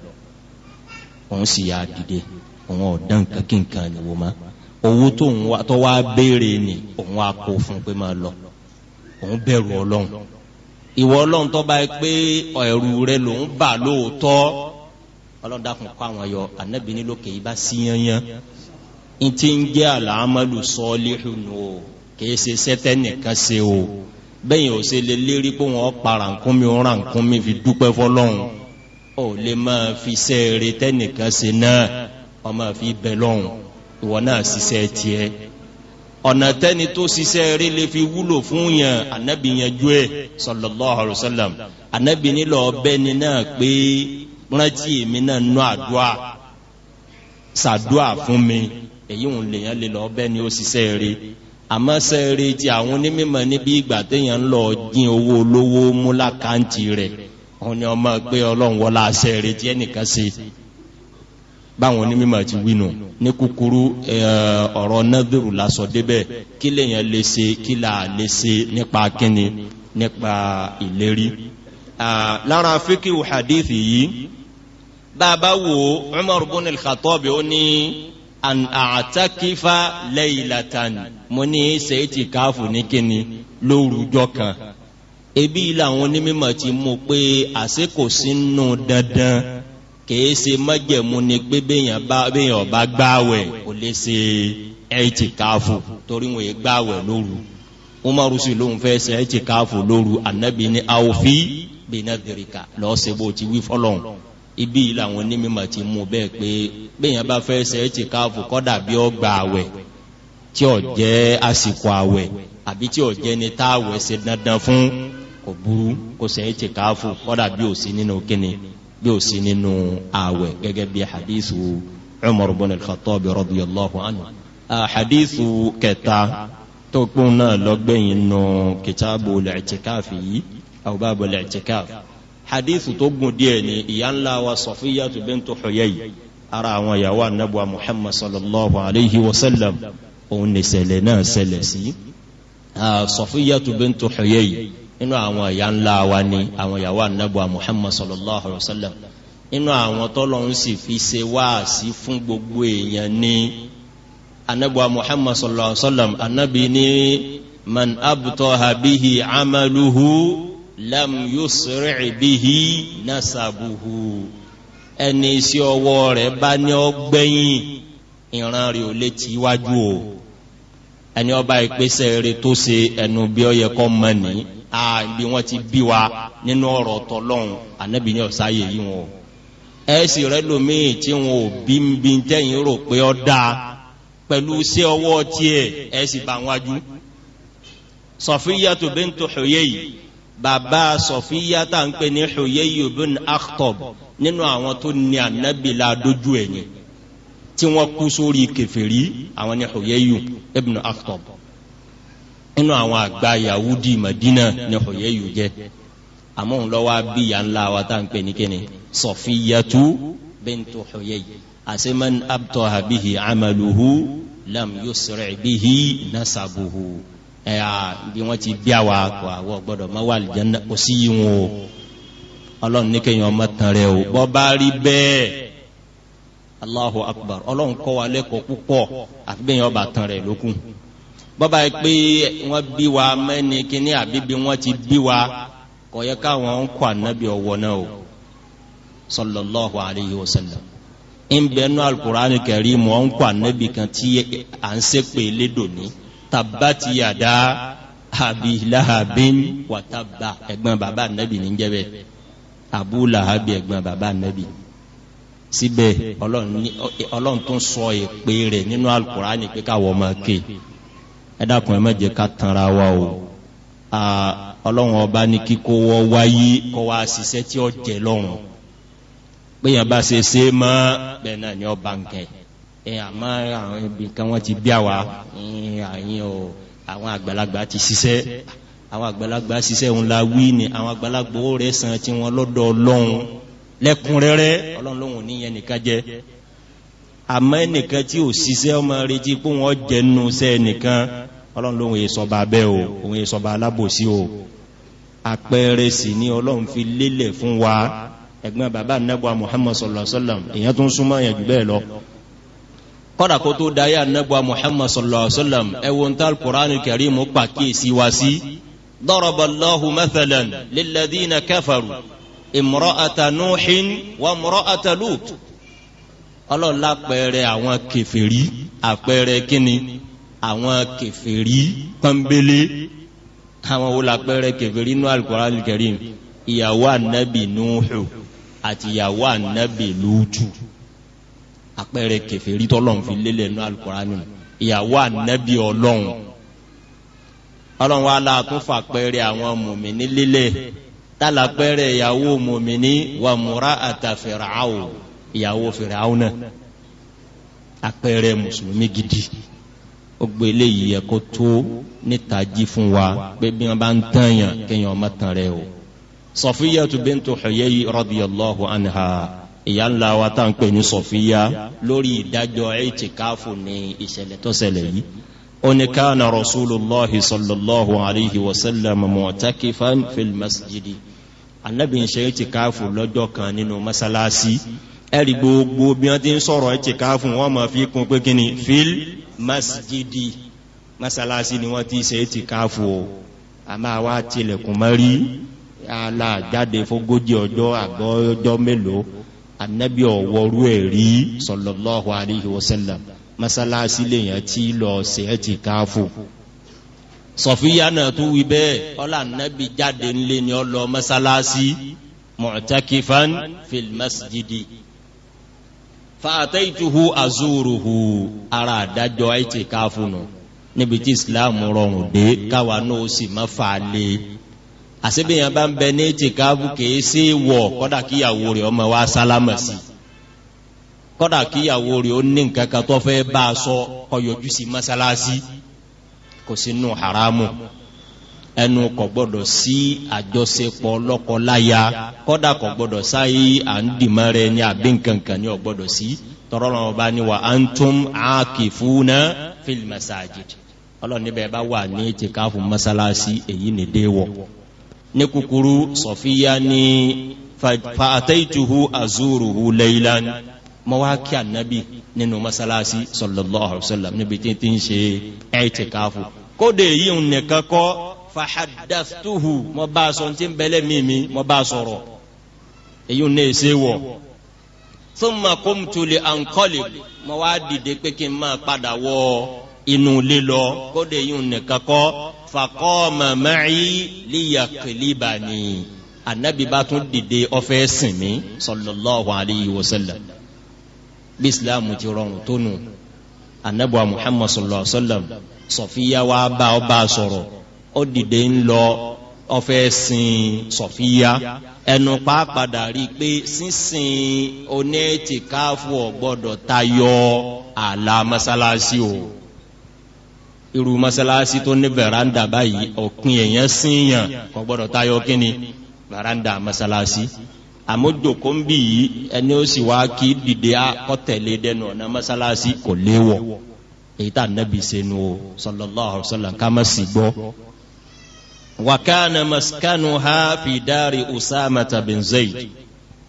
òun sì yà dìde òun ọ̀dán kankan ni wò má owó tó ń wá tó wá béèrè ni òun á kó fún pé máa lọ òun bẹ̀rù ọlọ́run ìwọ ọlọ́run tó bá yẹ pé ẹ̀rù rẹ lòun bà lóòótọ́ ọlọ́run dákun kó àwọn yọ ànábì nílòkè yìí bá sí yanyan n ti ń jẹ́ àlàámọ́lù sọ́ọ́lìhù o kìí ṣe sẹ́tẹ́ nìkan ṣe o bẹ́ẹ̀ ò ṣe lè lérí pé wọ́n para nǹkan mi ra nǹkan mi fi dúpẹ́ fọlọ́run ó lè máa fi sẹ́ẹ̀rẹ̀ tẹ́nìkan ṣe náà ọmọ fi bẹ lọ́hùn ìwọ náà ṣiṣẹ́ tiẹ̀ ọ̀nà tẹ́ni tó ṣiṣẹ́ rí lè fi wúlò fún yẹn anabi yanjú ẹ̀ sallallahu alayhi wa sallam anabi nílò ọbẹ̀ ni náà pé rántí èmi náà nú àdúrà ṣàdúrà fún mi èyí ń lè yẹn lè lọ ọbẹ̀ ni ó ṣiṣẹ́ rí àmọ́ sẹ́ẹ̀rì tí àwọn onímọ̀ níbi ìgbà téèyàn ń lọ dín owó olówó mú lákàntì rẹ̀ òun ni ọmọ gbé ọlọ́run wọlá sẹ́ẹ̀rì tí ẹnìkan ṣe báwọn onímọ̀ ti wínú ní kúkúrú ọ̀rọ̀ nádìrú lásọ débẹ̀ kí lèyàn lè ṣe kí là lè ṣe nípa kíni nípa ìlérí. lára fíkìwù hadithi yìí bàbá wo umar bin al-khattabi ó ní an àtàkìfà lẹ́yìnlátàn mo ní sèétì káfù ní kíni lórúkọ kan ebi làwọn onímọ̀ ti mú pé àsìkò sínú dandan kìí ṣe májẹ̀mú ni pé béèyàn bá béèyàn ọba gbáwẹ̀ kò lè ṣe ẹ̀ẹ́tì káfù torí wọn yìí gbáwẹ̀ lóru umaru sì lóun fẹ́ ṣe ẹ̀ẹ́tì káfù lóru anabi ni àwòfí bìnnà dèrìkà lọ́ọ́ ṣe bó ti wí fọlọ́n ibi yìí làwọn onímọ̀ ti mú bẹ́ẹ̀ pé béèyàn bá fẹ́ ṣe ẹ̀ẹ́tì káfù kọ́dà bí ó gbáwẹ̀ tí ò jẹ́ àsìkò àwẹ̀ àbí tí ò jẹ́ ni táwẹ̀ ṣe dandan fún kò burú kò ṣe ẹ̀ẹ́tì káfù kọ́dà bí ò sí nínú kíni bí ó sì nínú ààwẹ̀ gẹ́gẹ́ bí hadithu umar bin al-khattab radiyallahu anhu hadithu kẹta tó kún náà lọ́gbẹ̀yìn nù kìtàbù lẹ́tìkáfì yìí aw babu lẹ́tìkáfì hadithu tó gùn díẹ̀ ni ìyá ńlá wa sọfíyàtú bintu huyay ara àwọn ìyàwó anabuwa muhammad sallallahu alayhi wa sallam òun ní ṣẹlẹ̀ náà ṣẹlẹ̀ sí sọfíyàtú bintu huyay inú àwọn ìyá ńlá wa ni àwọn ìyàwó anábùa muhammad sallallahu alayhi wa sallam inú àwọn tọ́lọ̀ ń sì fi ṣe wáàsí fún gbogbo èèyàn ní anábùa muhammad sallallahu alayhi wa sallam anábì ní man abtọ́ha bihi amaluhu lam yusri bihi nasabuhu ẹni sí ọwọ́ rẹ̀ bá ní ọgbẹ́yìn ìran rẹ̀ ò lè tí wájú o ẹni ọba ìpèsè rẹ̀ tó ṣe ẹnu bí ọ yẹ kọ́ mọ́ nìyí aa ibi wọn ti bí wa nínú ọ̀rọ̀ tọlọ́run anabi ní ọsá yẹ yìí wọn o ẹsì rẹ lomiin tí wọn ò bí ń bí tẹyìn rò pé ọ dáa pẹ̀lú sí ọwọ́ tiẹ̀ ẹsì bá wájú Sọfiyatu bintu Huyayi bàbá Sọfiyata ń pè ní Huyayi bin Akhtab nínú àwọn tó ní anabi la dojú ẹ̀yìn tí wọn kú sórí kèfèrí àwọn ní Huyayi ibn Akhtab nínú àwọn àgbà yahudi madina ní ọ̀yẹ́ yìí jẹ́ àmọ́ òun lọ́wọ́ bí ya ńlá wa tá à ń pè ní kíni sọfiyatu bintu ọ̀yẹ́ yìí àsèmán abtọ́ àbíhi amaluhu lam yusrẹ̀ bihi nasabuhu ẹ̀ à bí wọ́n ti bí àwa kọ́ àwọ̀ gbọ́dọ̀ má wà lìjánná kò sí yìí o ọlọ́run ní kéèyàn ọmọ tán rẹ o bọ́ bá rí bẹ́ẹ̀ akbar ọlọ́run kọ́ wa lẹ́kọ̀ọ́ púpọ̀ àfi bẹ́ẹ̀ yẹn ọba tán rẹ lókun bọ́ba yìí pé wọ́n bí wa mẹ́ni kínní àbí bí wọ́n ti bí wa kò yẹ káwọn ń kọ́ ànábì ọ̀wọ́ náà o sallallahu alayhi wa sallam ń bẹ nú alukur'an kẹrí mọ́ ń kọ́ ànábì kan tí à ń sẹ́pẹ̀ lédòní tabati yada abi lahabin wa tabba ẹ̀gbọ́n bàbá ànábì ní jẹ́bẹ̀ abu lahabi baba bàbá ànábì síbẹ̀ ọlọ́run tún sọ èpè rẹ̀ nínú alukur'an pé káwọ́ máa ké ẹ dákun ẹ má jẹ́ ká tanra wa o ọlọ́run ọba ní kíkó wọ́ wáyé kọ́ wá ṣiṣẹ́ tí ó jẹ lọ́rùn péyàn bá ṣe ṣe mọ́ bẹ́ẹ̀ náà ni ọba nkẹ́ ẹ àmọ́ àwọn ibi kan wọ́n ti bí àwa àyìn o àwọn àgbàlagbà ti ṣiṣẹ́ àwọn àgbàlagbà ṣiṣẹ́ òun la wí ni àwọn àgbàlagbà ó rẹ̀ san tí wọ́n lọ́dọ̀ ọlọ́run lẹ́kùnrẹ́rẹ́ ọlọ́run lòun ò nìkan jẹ́ àmọ́ ẹnìkan tí ò ṣiṣẹ́ ọmọ retí pé wọ́n jẹnu sẹ́ ẹnìkan ọlọ́run lóhun èsọba abẹ́ o òun èsọba alábòsí o àpẹẹrẹ sì ni ọlọ́run fi lélẹ̀ fún wa ẹ̀gbọ́n bàbá anagba muhammad sallallahu alayhi wa sallam èèyàn tó ń súnmọ́ yẹn jù bẹ́ẹ̀ lọ kọ́dà kó tó dayé anagba muhammad sallallahu alayhi wa sallam ẹ wo ń tal quran kẹrìmù pàkíyèsí wa sí dọ́rọ̀bàláhu mẹ́tẹ̀lẹ̀ lílẹ̀dínà kẹfàrú ìmọ̀rọ̀ àtànúhìn wà mọ̀rọ̀ àtàlùtù ọlọ́run lápẹẹrẹ àwọn kẹfìrí àpẹẹrẹ kíni àwọn kẹfìrí pọ́nbélé àwọn wo lápẹẹrẹ kẹfìrí inú alukora alikarim ìyàwó anabi nuhu àti ìyàwó anabi lutu àpẹẹrẹ kẹfìrí tọ́lọ́run fi lélẹ̀ inú alukora nù ìyàwó anabi ọlọ́run ọlọ́run wa la tún fàpẹẹrẹ àwọn mùmíní lélẹ̀ tálàpẹẹrẹ ìyàwó mùmíní wàmúra àtàfẹ̀rẹ̀ àwò ìyàwó Fìráúnà àpẹẹrẹ mùsùlùmí gidi ó gbé eléyìí yẹ kó tó níta jí fún wa pé bí wọn bá ń tàn yàn kéèyàn ọmọ tàn rẹ o Sọfíyàtu bintu Huyayyi radiyallahu anha ìyá ńlá wa tá à ń pè ní Sọfíyà lórí ìdájọ́ ẹ̀ẹ́tìkáfù ní ìṣẹ̀lẹ̀ tó ṣẹlẹ̀ yìí ó ní sallallahu alayhi wa sallam mu'takifan fil masjidi anabi ń ṣe ẹ̀ẹ́tìkáfù lọ́jọ́ kan nínú masalasi ẹ̀rí gbogbo bí wọ́n ti ń sọ̀rọ̀ ẹ̀ tìka fún wọn mọ̀ fi kún pé kíni fil masjidi masalasi ni wọ́n ti ṣe é tìka fún o àmọ́ àwa tilẹ̀kùn mọ́ rí alájáde fógójì ọjọ́ àgọ́ ọjọ́ mélòó anabi ọ̀wọ́rú ẹ̀ rí sallallahu alayhi wa sallam masalasi lèyàn ti lọ ṣe é tìka fún sọfíya náà tún wí bẹ́ẹ̀ ọlá anabi jáde ńlẹ̀ ni ọ lọ masalasi mu'takifan fil masjidi fàtẹ́ìtuhu azuruhu ara àdájọ́ àìtì káfùnù níbi tí islam rọrùn dé káwa náà sì má fà á lé àṣebíyàn bá ń bẹ ní ètì káfù kìí sí wọ kọ́dà kíyàwó rẹ̀ ọmọ wa sálámà sí kọ́dà kíyàwó rẹ̀ ó ní nǹkan kan tó fẹ́ bá a sọ kọ́ sí mọ́sálásí kò sínú haramu ẹnu kò gbọdọ̀ sí àjọṣepọ̀ lọ́kọláya kọ́dà kò gbọdọ̀ sáyé à ń dìmọ́rẹ́ ní àbí nkankan ní ọ̀gbọ́dọ̀ sí tọ́rọ́lọ́wọ́ bá ní wa antum aakifuna fil masajid ọlọ́run níbẹ̀ bá wà ní tìkáfù mọ́sálásí èyí ní déwọ̀ ní kúkúrú sọ̀fíyá ní fàtẹ́ìtuhu azuruhu laylan mo wá kí ànábì nínú masalasi sallallahu alaihi wasallam níbi tí ń ṣe ẹ̀ tìkáfù kódé yìí nìkan kọ́ fahadaftuhu mo bá a sọ ntí bẹlẹ mi mi mo bá a sọ̀rọ̀ èyí ne ṣe wọ thumma qumtu li anqalib mo wá dìde pé kí n máa padà wọ inú ilé lọ kóde yìí nìkan kọ faqama ma'i liyaqlibani anabi bá tún dìde ó fẹ́ sìn alayhi wa sallam bí islam ti rọrùn tó nù anabi wa muhammad sallallahu alayhi wa sallam sọfíya wa bá ọba sọ̀rọ̀ ó dìde ń lọ ọfẹ sin sọfíya ẹnu pàápàdà rí i pé sísìn onẹ́tìkáfù ọ̀gbọ́dọ̀ tayọ ààlà mọ́sálásí o irú mọ́sálásí tó ní veranda báyìí ọ̀pin èèyàn síyàn kò tayọ kínni veranda mọ́sálásí àmójòkó ń bì yìí ẹni ó sì wá kí dìde akọ́tẹ̀lé dẹnu ọ̀nà mọ́sálásí kò léwọ̀ èyí tá nàbì sẹ́nu o sallallahu alaihi wasallam ká má sì gbọ́ wakana maskanu ha fi dari usama tabin zayd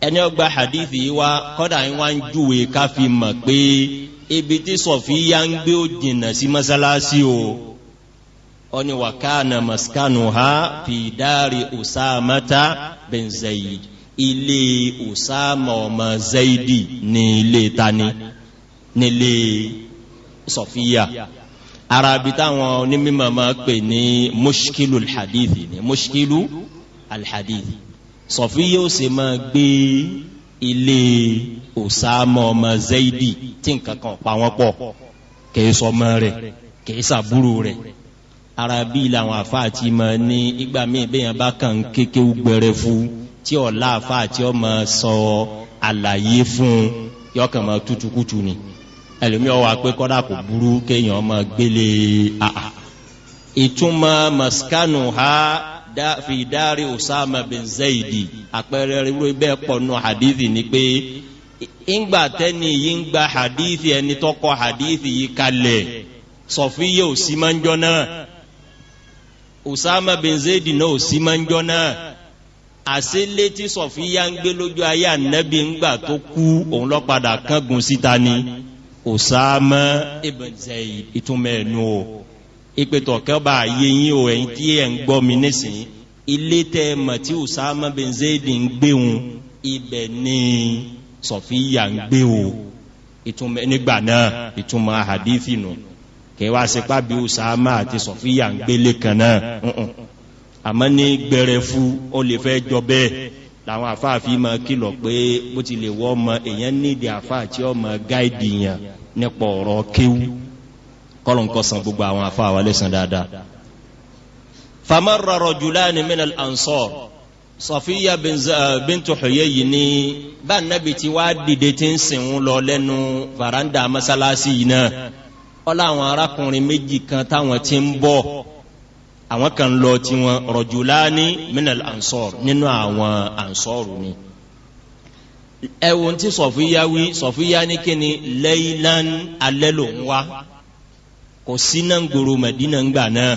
ẹni ọgbà hadithi yìí wa kọ́dà yín wá ń júwe ká fi mọ̀ pé ibi tí sọ̀fíyà ń gbé ó jìnnà sí mọ́sálásí o ọni wakana maskanu ha fi dari usama zayd ilé usama ọmọ zaydi ní ilé tani ní ilé sọ̀fíyà. Yeah ara bi táwọn onímọ̀ máa pè ní mushkilu alhadithi ni mushkilu alhadithi sọfíyé ó sì máa gbé ilé osama ọmọ zaidi tí nǹkan kan pa wọn pọ̀ kìí sọmọ rẹ̀ kìí sàbúrò rẹ̀ ara bí làwọn àfáàtì máa ní ìgbà míì bẹ́ẹ̀ yẹn bá kàn kékeré gbẹrẹ fún tí ọ̀la àfáàtì ọmọ sọ àlàyé fún yọkàn máa tútù ni ẹlòmí ọwọ́ àpé kọ́dà kò burú kéèyàn ọmọ gbélé àà ìtumọ̀ maskanu ha da, fi dari Usama bin Zaidi àpẹẹrẹ rírú bẹ́ẹ̀ pọ̀ hadithi ni pé ìgbà tẹ́ni yìí ń gba hadithi ẹni tó hadithi yìí kalẹ̀ Sọfiye ò sí máa ń jọ náà Usama bin Zaidi náà ò sí máa ń jọ náà àṣé létí Sọfiya ń gbé lójú ayé ànábì ńgbà tó kú òun lọ padà kángun síta ni. Amen Osama ibn Zaid ìtumọ̀ ẹ̀nu o ìpètò kẹ́bà yẹ̀yìn o ẹ̀yìn tí ẹ̀ ń gbọ́ mi nísìnyí ilé tẹ́ mọ̀ tí Osama ibn Zaid ń gbé wọn ibẹ̀ ni Sọ̀fíyà ń gbé o ìtumọ̀ nígbà náà ìtumọ̀ hadithi nù kẹwà sepa bí Osama ati Sọ̀fíyà ń gbélé kan náà àmọ́ ní gbẹrẹfu ó lè fẹ́ làwọn àfáà fi máa kìlọ̀ pé bó ti lè wọ́ ọmọ èèyàn nídìí àfáà tí ọmọ gáìdì yàn nípa ọ̀rọ̀ kéwú kọ́lọ̀ ń kọ́sàn gbogbo àwọn àfáà wa lẹ́sàn dáadáa. famarra rajulani minal ansar sọfíya eh, bintu Huyayy ni bá nàbì tí wàá dìde tí ń sìn ń lọ lẹ́nu faranda masalasi yìí náà ọlọ́ àwọn arákùnrin méjì kan táwọn ti ń bọ̀ àwọn kan lọ tí wọn minal ansor nínú àwọn ansoru ni ẹ wo ti sọfíya wí sọfíya ni kíni laylan alẹ́ ló ń wá kò sí náà ń gbòòrò Mẹdínà ń gbà náà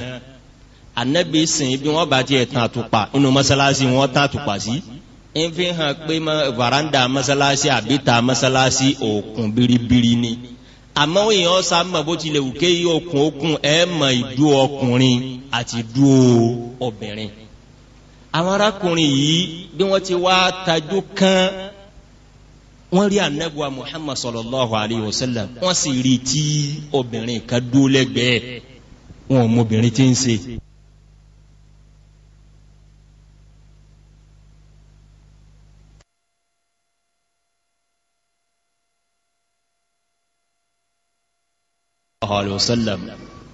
anabi sìn bí wọn bá tiẹ̀ tàn àtùpà inú mọ́sálásí wọn tàn àtùpà sí ń hàn pé varanda masalasi àbíta masalasi òkun biribiri ni. Biri àmọ́ èèyàn sá mọ̀ bó tilẹ̀ òkè yí okùn okùn ẹ̀ mọ̀ ìdú ọkùnrin àti ìdú obìnrin àwọn arákùnrin yìí bí wọ́n ti wá tajú kán wọ́n rí anabuwa muhammad sallallahu alayhi wa sallam wọ́n sì rí tí obìnrin kan dúró lẹ́gbẹ̀ẹ́ wọn ò mọ obìnrin tí ń ṣe. alaihiwasallam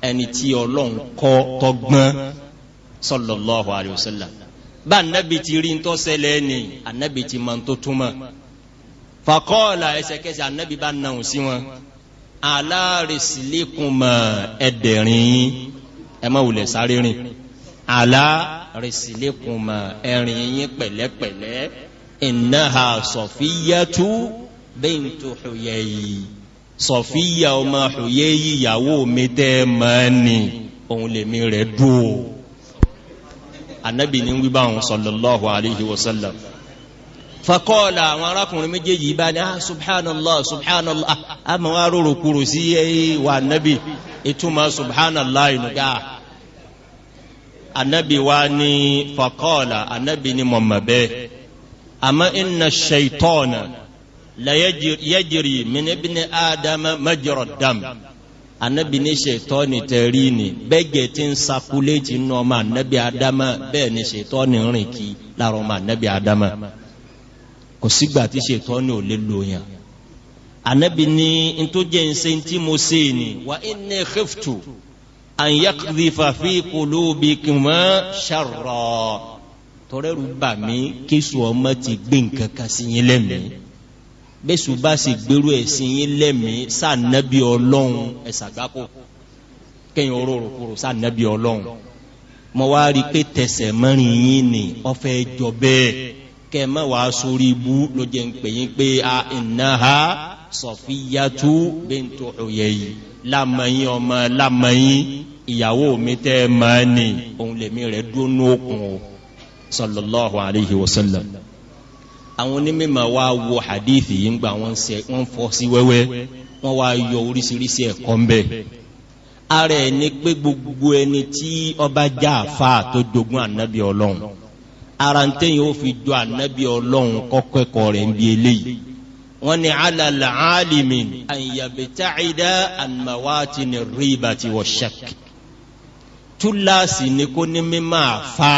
ẹni tí ọlọ́run kọ́ tọgbọ́n sallallahu alaihiwasallam bá anabi ti rí ntọ́ sẹlẹ̀ ni anabi ti máa tó túmọ̀ fakọ́ọ̀là ẹsẹ̀kẹsẹ̀ anabi bá nà sí wọn alárèsílẹ̀kùnmọ̀ ẹ̀dẹ̀rin ẹ má wulẹ̀ sáré rìn alárèsílẹ̀kùnmọ̀ ẹ̀rìn yín pẹ̀lẹ́pẹ̀lẹ́ ìnáhà sọ̀fíyàtú bẹ́ẹ̀ ń tó xòyẹ́ yìí sọ̀fíyà ọmọ àṣòyé yíyàwó mi tẹ́ máa ní ohun lèmi rẹ̀ dúó anábì ní wíbá àwọn sọ̀lọ̀lọ́hù aléhi wasallam fakọ́ọ̀lá àwọn arákùnrin méjèèjì bá ní ah subhanallah subhanallah a ma wá rọrọ kúrò sí wa anábì ìtumọ̀ subhanallah ìnúgá anábì wá ní fakọ́ọ̀lá anábì ní mọ̀mọ̀ bẹ́ẹ̀ àmọ́ inna la yajiri min ibn adama majra dam anabi ni ṣètọ́ni tẹ̀rí ni bẹ́gẹ̀ tí ń sakuléètì nínú ọmọ anabi adama bẹ́ẹ̀ ni ṣètọ́ni rìn kí lára ọmọ anabi adama kò sígbà tí ṣètọ́ni ò lè lò yàn anabi ni ntọ́jẹ́ ń mo ṣe ni wa inni khiftu an fafi fi qulubikuma sharra tọrẹ́rù bà mí kí sùn ọmọ ti gbé nǹkan kan sí yín bẹ́sù bá sì gbèrú ẹ̀sìn yín lẹ́mìí sànẹ́bí ọlọ́run ẹ̀sàgbákò kẹ́yìn orórò kúrò sànẹ́bí ọlọ́run mo wá rí i pé tẹ̀sẹ̀ mẹ́rin yín ni ọ̀fẹ́ jọ bẹ́ẹ̀ kẹ́ ẹ má wàá sórí ibú ló jẹ́ ń pè yín pé a ìnáha sọ̀fíyàtú bẹ́ntò òye yìí lámẹ́yìn ọmọ lámẹ́yìn ìyàwó mi tẹ́ ẹ mọ́ ni òun lèmi rẹ̀ dúró ní o sallallahu alayhi wa sallam àwọn onímọ̀ wa wo hadithi yìí ń gba wọn sẹ wọn fọ sí wẹ́wẹ́ wọn wá yọ oríṣiríṣi ẹ̀kọ́ ń bẹ̀. ara ẹ̀ ni pé gbogbo ẹni tí ọba já àfa tó dogun ànábì ọlọ́run ara ń tẹ̀yìn ó fi jọ ànábì ọlọ́run kọ́kọ́ ẹ̀kọ́ rẹ̀ ń bi eléyìí wọ́n ní alàlà alìmì àyàbẹ̀tàìdá àmàwátì ní rìbà tí wọ́n ṣak túláàsì ni kó ní mímọ́ àfa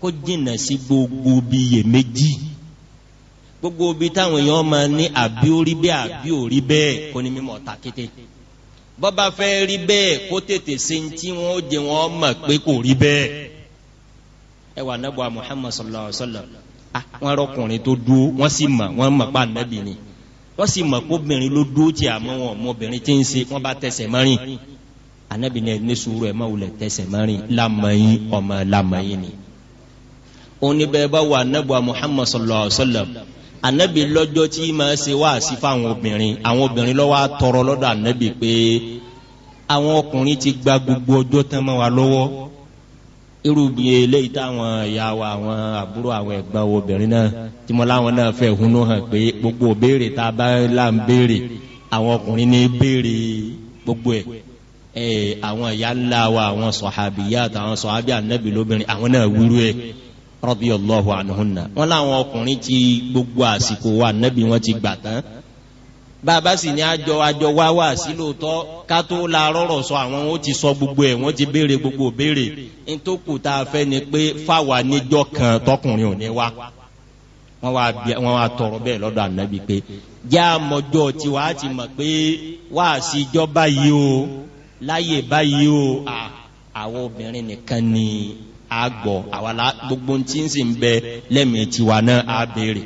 kó jìnnà sí gbogbo bíi yèméjì. Si gbogbo ibi táwọn èèyàn máa ní àbí orí bẹ́ẹ̀ àbí orí bẹ́ẹ̀ kò ní mímọ́ ta kété bọ́ba fẹ́ rí bẹ́ẹ̀ kó tètè se ń tí wọ́n jẹ wọ́n mọ̀ pé kò rí bẹ́ẹ̀ ẹ wà nàbọ̀ muhammad sallallahu alaihi wa sallam wọn rọkùnrin tó dúró wọn sì mọ̀ wọn mọ̀ pa nàbì ni wọn sì mọ̀ pé obìnrin ló dúró tí àmọ́ wọn ọmọbìnrin ti ń se wọn bá tẹsẹ̀ mọ́rin anabi náà ní sùúrù ẹ̀ máa wulẹ̀ tẹsẹ̀ mọ́rin lamọ̀yin ọmọ lamọ̀yin ni. oníbẹ̀ bá wà nàbọ̀ muhammad sallallahu alayhi wa sallam anabi lọ́jọ́ tí máa ṣe wá sí fáwọn obìnrin àwọn obìnrin ló wá tọrọ lọ́dọ̀ anabi pé àwọn ọkùnrin ti gba gbogbo ọjọ́ tán mọ́ wa lọ́wọ́ irú bí eléyìí táwọn ìyá wa àwọn àbúrò àwọn ẹ̀gbọ́n obìnrin náà tí mo láwọn náà fẹ́ hunú hàn pé gbogbo béèrè tá a bá là ń béèrè àwọn ọkùnrin ní béèrè gbogbo ẹ̀ ẹ̀ àwọn ìyá ńlá wa àwọn sọ̀hábìyà àtàwọn sọ̀hábìyà anabi lóbìnrin àwọn náà wúru ẹ̀ radiyallahu anhunna wọn làwọn ọkùnrin ti gbogbo àsìkò wa nẹ́bí wọn ti gbà tán bàbá sì ní àjọ àjọ wá wá sí lóòótọ́ ká tó la rọ̀rọ̀ sọ àwọn ó ti sọ gbogbo ẹ̀ wọ́n ti béèrè gbogbo béèrè ntòkù tá a fẹ́ ni pé fáwa níjọ́ kan tọkùnrin ò ní wá wọ́n wá bí wọ́n wá tọrọ bẹ́ẹ̀ lọ́dọ̀ ànábi pé já mọ́jọ́ tí ti mọ̀ pé wá sí ìjọba yìí o láyè báyìí o àwọn obìnrin nìkan ni àgbọ̀ àwàlá gbogbo tí ń sì ń bẹ lẹ́mìí tiwa náà á béèrè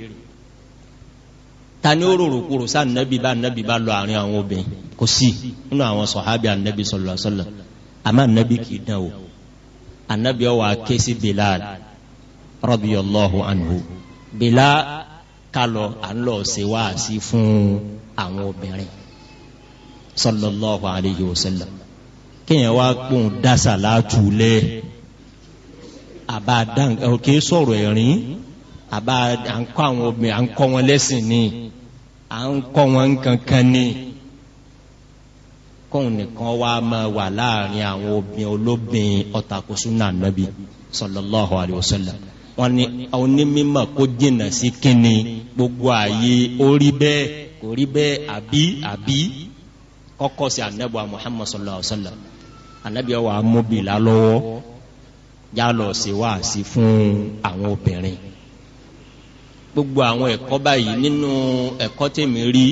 ta ni ó rorò kúrò sá nẹ́bí bá nẹ́bí bá lọ àárín àwọn obìnrin kò sí nínú àwọn sọ̀hábì ànẹ́bí sọ̀lọ̀ sọ̀lọ̀ àmọ́ ànẹ́bí kì í dán o ànẹ́bí ọ̀ wá ké sí bilal rọ́bì ọlọ́hu ànú bilal kálọ̀ à ń lọ ṣe wá sí fún àwọn obìnrin sọ̀lọ̀ lọ́hu àlejò sọ̀lọ̀ kéèyàn wá pòun dá sàlátù àbá dáǹkà òkè sọ̀rọ̀ ẹ̀rín àbá à ń kọ́ àwọn obìnrin à ń kọ́ wọn lẹ́sìn ni à ń kọ́ wọn kankan ni kóun nìkan wá máa wà láàrin àwọn obìnrin olóbìn ọ̀tàkùsùn náà nàbí sallallahu alayhi wa sallam wọn ni onímọ̀ kó jìnnà sí kínni gbogbo ààyè orí bẹ́ẹ̀ kò rí bẹ́ẹ̀ àbí àbí kọ́kọ́ sí anabu muhammad sallallahu alayhi wa sallam anabi wa mobila lọ́wọ́ já lọ sí wáàsí fún àwọn obìnrin gbogbo àwọn ẹ̀kọ́ báyìí nínú ẹ̀kọ́ tèmi rí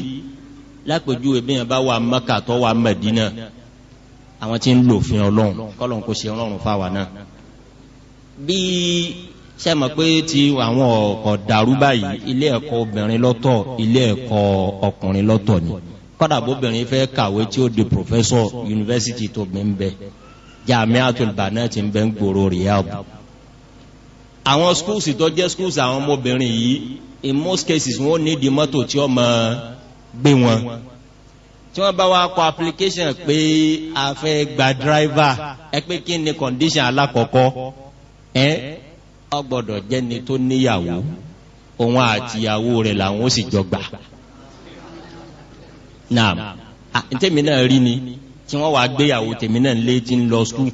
lápèjúwe bí yẹn bá wà Mẹ́kà tó wà Mẹ́dínà àwọn tí ń lò fi Ọlọ́run kọ́lọ́n kò ṣe Ọlọ́run fáwa náà bí sẹ́mọ̀ pé ti àwọn ọ̀kọ̀ dàrú báyìí ilé ẹ̀kọ́ obìnrin lọ́tọ̀ ilé ẹ̀kọ́ ọkùnrin lọ́tọ̀ ni kọ́dà bóbìnrin fẹ́ kàwé tí ó di pòfẹ́sọ̀ yunifásitì tó gbé ń bẹ́ẹ̀ Jamiatul Banat ti ń bẹ́ ń gbòòrò Riyadh àwọn schools tó jẹ́ schools àwọn ọmọbìnrin yìí in most cases wọ́n ní di mọ́tò tí ó máa gbé wọn tí wọ́n bá wá kọ application pé a fẹ́ gba driver ẹ pé kí ni condition alákọ̀ọ́kọ́ ẹ ọ gbọ́dọ̀ jẹ́ni tó níyàwó òun àtìyàwó rẹ̀ làwọn ó sì jọ gbà náà ntẹ́mi náà rí ni tí wọ́n wá gbéyàwó tèmi náà lé tí ń lọ skul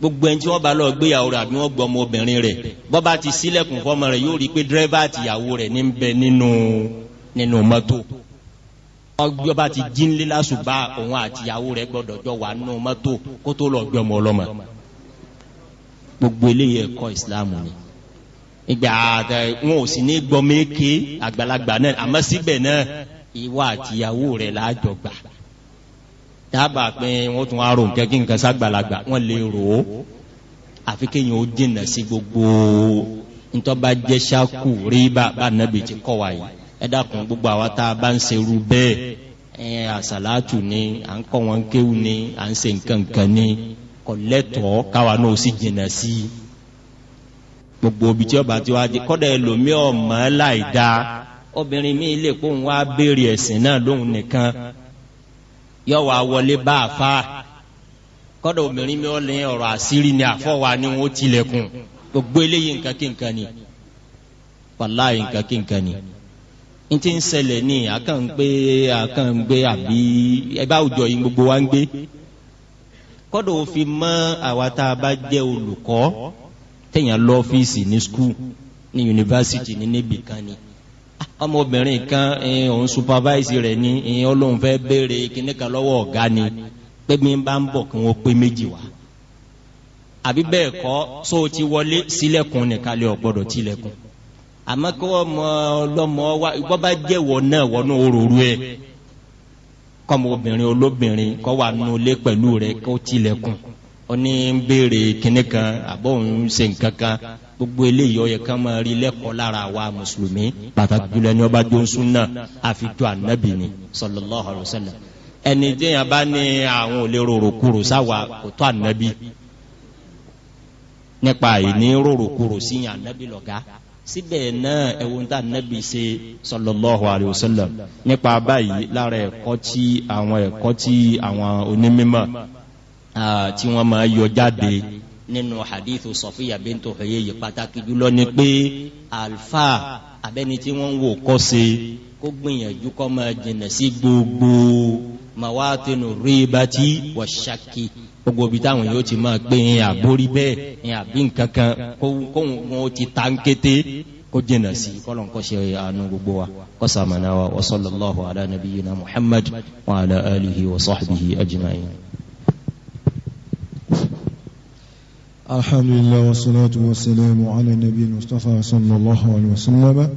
gbogbo ẹni tí wọ́n bá lọ gbéyàwó rẹ̀ àbí wọ́n gbọ́ ọmọbìnrin rẹ̀ bọ́ bá ti sílẹ̀kùn fọ́mọ rẹ̀ yóò rí i pé dírẹ́fà àtìyàwó rẹ̀ ní bẹ nínú nínú mọ́tò ọgbọ́n bá ti jínlé lásùbà òun àtìyàwó rẹ̀ gbọ́dọ̀ jọ wà nínú mọ́tò kó tó lọ gbé ọmọ ọlọ́mọ gbogbo tábà pé wọ́n tún wá rò nǹkan kí nǹkan ságbàlagbà wọ́n lè rò ó àfi kéèyàn ó dènà sí gbogbo ntọ́ba jẹ́ ṣáku rí bá nàbì ti kọ́ wa yìí gbogbo àwa tá a bá ń serú bẹ́ẹ̀ ẹ àsàlátù ni à ń kọ́ wọn kéwù ni à ń se nǹkan nǹkan ni kọ̀lẹ́tọ̀ káwa náà ó sì dènà sí i gbogbo obi tí ọba ti wá di kọ́dà ẹlòmíọ̀ mọ́ láì dáa obìnrin mi lè kó òun wá béèrè ẹ̀sìn náà lóhun nìkan yọ wá wọlé bá a fa kọ́dọ̀ obìnrin mi ò lè ọ̀rọ̀ àṣírí ni àfọwà ni wọ́n tilẹ̀kùn gbogbo eléyìí nǹkan kí ni wàláyé nǹkan kí nǹkan ni n ti ń ṣẹlẹ̀ ní àkàngbé àkàngbé àbí ẹ bá òjò yìí gbogbo wa ń gbé kọ́dọ̀ òfin mọ́ àwa tá a bá jẹ́ olùkọ́ tẹ̀yàn lọ́fíìsì ní skul ní yunifásitì ní níbi ni. School, ni ọmọbìnrin kan eh, òun supervise rẹ̀ ni eh, ọlọ́run fẹ́ béèrè kíní kan lọ́wọ́ ọ̀gá ni pé mi bá ń bọ̀ kí wọ́n pé méjì wá àbí bẹ́ẹ̀ kọ́ so ti wọlé sílẹ̀kùn nìkan lè ọ̀gbọ́dọ̀ tilẹ̀kùn àmọ́ kí wọ́n mọ ọlọ́mọ wa ìgbọ́ bá jẹ́ wọ náà wọnú òróró ẹ̀ kọ́mọ obìnrin olóbìnrin kọ́ wà nù lé pẹ̀lú kó tilẹ̀kùn ó ní ń béèrè kíní kan àbọ̀ òun ṣe nǹkan kan gbogbo eléyìí ọyẹ kan máa rí lẹ́kọ̀ọ́ lára wa mùsùlùmí pàtàkì jùlọ ẹni ọba jó ń súnà àfijọ ànábì ni sallallahu alaihi wasallam ẹni téèyàn bá ní àwọn ò lè rorokuro sáwa kò tó ànábì nípa ìní rorokuro sí yàn ànábì lọ́gá síbẹ̀ náà ẹ̀wọ̀n tá ànábì ṣe sallallahu alaihi wasallam nípa báyìí lára ẹ̀kọ́ tí àwọn ẹ̀kọ́ tí àwọn onímọ̀ tí wọ́n máa yọ jáde nínú hadithu Safiya bintu Huyayy pàtàkì jùlọ ni pé alfa abẹni tí wọn ń wò kọsẹ kó gbìyànjú kó máa jìnnà sí gbogbo mawatinu ribati wa shaki gbogbo bi táwọn yóò ti máa gbé yín àbórí bẹ́ẹ̀ yín àbí nǹkan kan kóhùn wọn ti ta ń kété kó jìnnà sí kọlọ́n kó ṣe àánú gbogbo wa kó sàmànà wa wa sallallahu ala nabiyyina Muhammad wa ala alihi wa sahbihi ajma'in. الحمد لله والصلاة والسلام على النبي المصطفى صلى الله عليه وسلم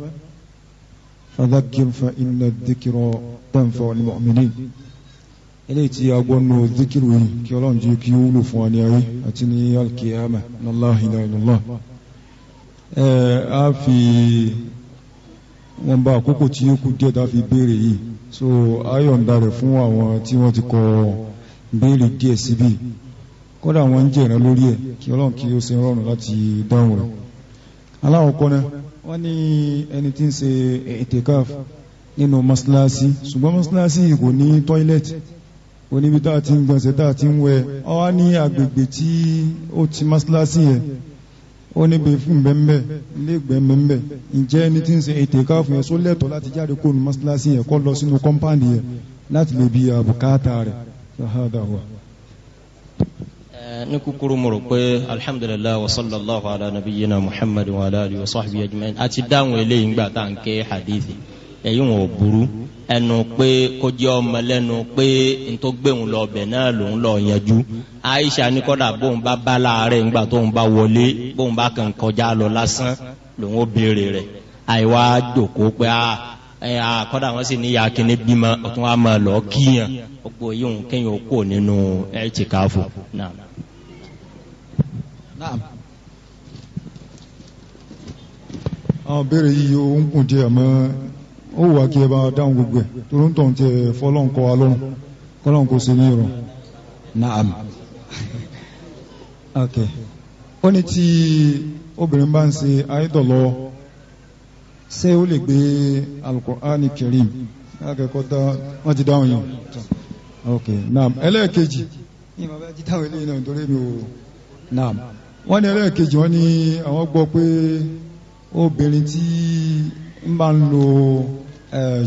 فذكر فإن الذكر تنفع المؤمنين eléyìí tí a gbọ́ nù zikiru yìí kí ọlọ́run jẹ́ kí ó wúlò fún wa ní ayé àti ní alkiyama lọ́láhì lọ́lá ẹ̀ a fi wọn bá àkókò tí ó kú díẹ̀ tá fi béèrè yìí so a yọ̀ǹda rẹ̀ fún àwọn tí wọ́n ti kọ béèrè díẹ̀ síbí kódà wọn ń jẹ̀rẹ̀ lórí ẹ kí ọlọ́run kí ó ṣe rọrùn láti dáhùn rẹ̀ aláwọ̀kọ́ ní ẹni tí ń ṣe ìtẹ̀káf nínú masalasi maslasi masalasi kò ní tọ́ílẹ̀tì kò a ti ń gbọ̀nsẹ̀ ti ń wẹ̀ ọ wá ní agbègbè tí ó ti masalasi yẹn ó níbi fún bẹ́ẹ̀mbẹ́ ǹjẹ́ ẹni tí ń ṣe yẹn só láti nu kó lọ sínú láti lè bi àbùkátà ní kúkúrú mo rò pé alhamdulilah wa sallallahu ala nabiyyina muhammad wa ala wa sahbihi ajma'in àti dáhùn eléyìí ńgbà tá à ń ké hadithi èyí wọn ò burú ẹnu pé kó ọmọ lẹ́nu pé ntọ́ gbẹ̀hùn lọ ọbẹ̀ náà lòún lọ yanjú aisha ní kọ́dà bóun bá bá láàárẹ̀ ńgbà tóun bá wọlé bóun bá kàn kọjá lọ lásán lòun ó béèrè rẹ̀ àìwá jòkó pé a ah, kọ́dà wọ́n sì níyà kíní bímọ ọ̀tún wa máa lọ kíyàn ọ̀pọ̀ yìí òun kéèyàn kó nínú ẹ̀ tìkáfò Naam. àwọn béèrè yìí ó ń mọ́ ó wà kí ẹ bá dáhùn gbogbo ẹ̀ torí ń tàn tiẹ̀ ok ó ní tí obìnrin bá ń ṣé ó lè gbé ti dáhùn yẹn. ok naam ẹlẹ́ẹ̀kejì. ìmọ̀ bá ti dáhùn náà nítorí mi ò. naam. wọ́n ní ẹlẹ́ẹ̀kejì wọ́n ní àwọn gbọ́ pé obìnrin tí ń bá ń lo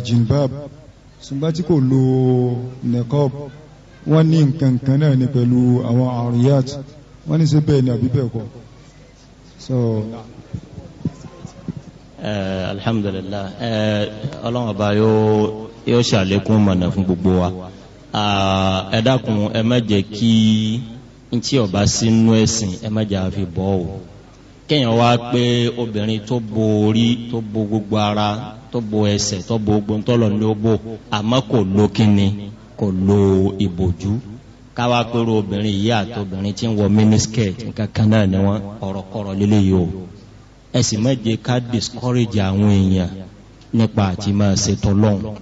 jilbab ṣùgbọ́n tí kò lo niqab wọ́n ní nǹkan kan náà ní pẹ̀lú àwọn àríyàt wọ́n ní ṣé bẹ́ẹ̀ ni àbí bẹ́ẹ̀ kọ́ so. alhamdulillah ọlọ́run ọba yóò ṣàlékún mọ̀nà fún gbogbo wa ẹ dákun ẹ má jẹ́ kí. ntí ọba sínú ẹ̀sìn ẹ má jà fi bọ́ o kéèyàn wá pé obìnrin tó bo orí tó bo gbogbo ara tó bo ẹsẹ̀ tó bo gbóntọ́lọ̀ ní ó bò àmọ́ kò lo kíni kò lo ìbòjú káwá pérò obìnrin yìí àti obìnrin tí ń wọ mínísíkẹ̀t nǹkan kan náà ni wọ́n ọ̀rọ̀kọ̀rọ̀ lélẹ́yìí o ẹ sì má jẹ́ ká discourage àwọn èèyàn nípa àti máa ṣètò lọ́hùn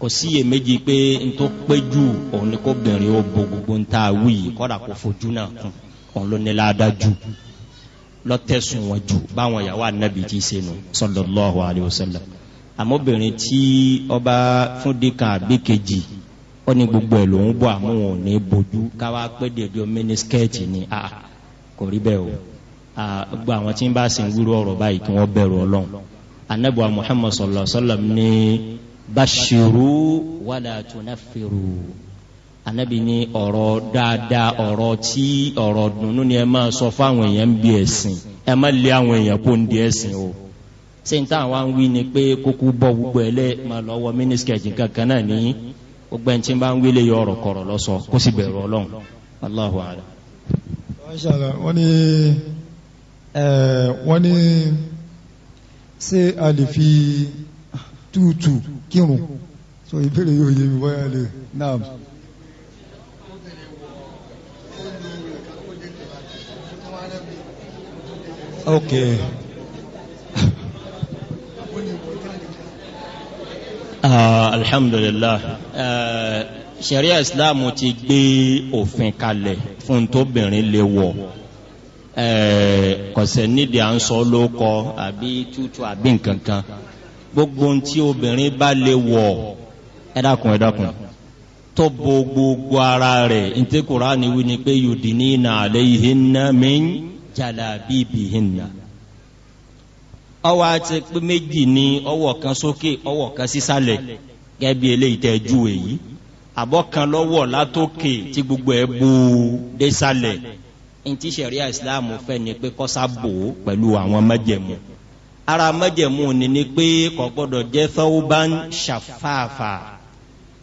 kò síyè méjì pé n tó pé jù òun ni kó bìnrin ó bo gbogbo ń ta wí kọ́dà kó fojú náà kún òun ló ní ládájú lọ́tẹ̀sùn wọn jù báwọn ìyàwó ànábì ti ṣe nù sallallahu alayhi wa tí ọba fúndíkà àbí ó ní gbogbo ẹ̀ lòún bọ̀ àmọ́ ní bojú káwá pé dèdè omi skẹ́ẹ̀tì ni a kò rí bẹ́ẹ̀ o gbogbo àwọn tí ń bá sin wúrú ọ̀rọ̀ báyìí kí wọ́n bẹ̀rù ọlọ́run anábọ̀ muhammad sallallahu alayhi wa sallam ní. bashiru wala tunafiru anabi ni ọ̀rọ̀ dáadáa ọ̀rọ̀ tí ọ̀rọ̀ dùnú ni ẹ máa sọ fáwọn èèyàn ń bí ẹ̀sìn ẹ má lé àwọn èèyàn kó ń di ẹ̀sìn o ṣé n táwọn wá ń wí ni pé kókó bọ́ gbogbo ẹ̀ lẹ́ máa lọ wọ mínísítẹ̀jì kankan náà ní gbogbo ẹni tí n bá ń wílé yọ ọ̀rọ̀ kọ̀rọ̀ lọ́sọ kó sì bẹ̀rù ọlọ́run Allahu ala. wọ́n ní wọ́n ní ṣé a lè fi túùtù. kírun so ìbéèrè yóò yé mi wáyà lè náà. ok. Uh, alhamdulillah eh, sharia islam ti gbé òfin kalẹ̀ fún tóbìnrin lè wọ̀ eh, kọ̀sẹ̀ nídìí à ń sọ lóko àbí tútù àbí nǹkan gbogbo ntí obìnrin bá lè wọ̀ ẹ̀dàkùn ẹ̀dàkùn tó bo gbogbo ara rẹ̀ ntí kuraani wí ni pé yudinina alayhinna min jalabibihinna ọwọ́ àti pé méjì ni ọwọ́ kan sókè ọwọ́ kan sísàlẹ̀ gẹ́bí eléyìí tẹ́ ju èyí àbọ̀ kan lọ́wọ́ látòkè tí gbogbo ẹ̀ bu désàlẹ̀ ntí ṣẹ̀ríà ìsìláàmù fẹ́ ni pé kọ́sà bò pẹ̀lú àwọn májẹ̀mú ara mẹ́jẹ̀mú ni ni pé kò gbọ́dọ̀ jẹ́ thawban shafafa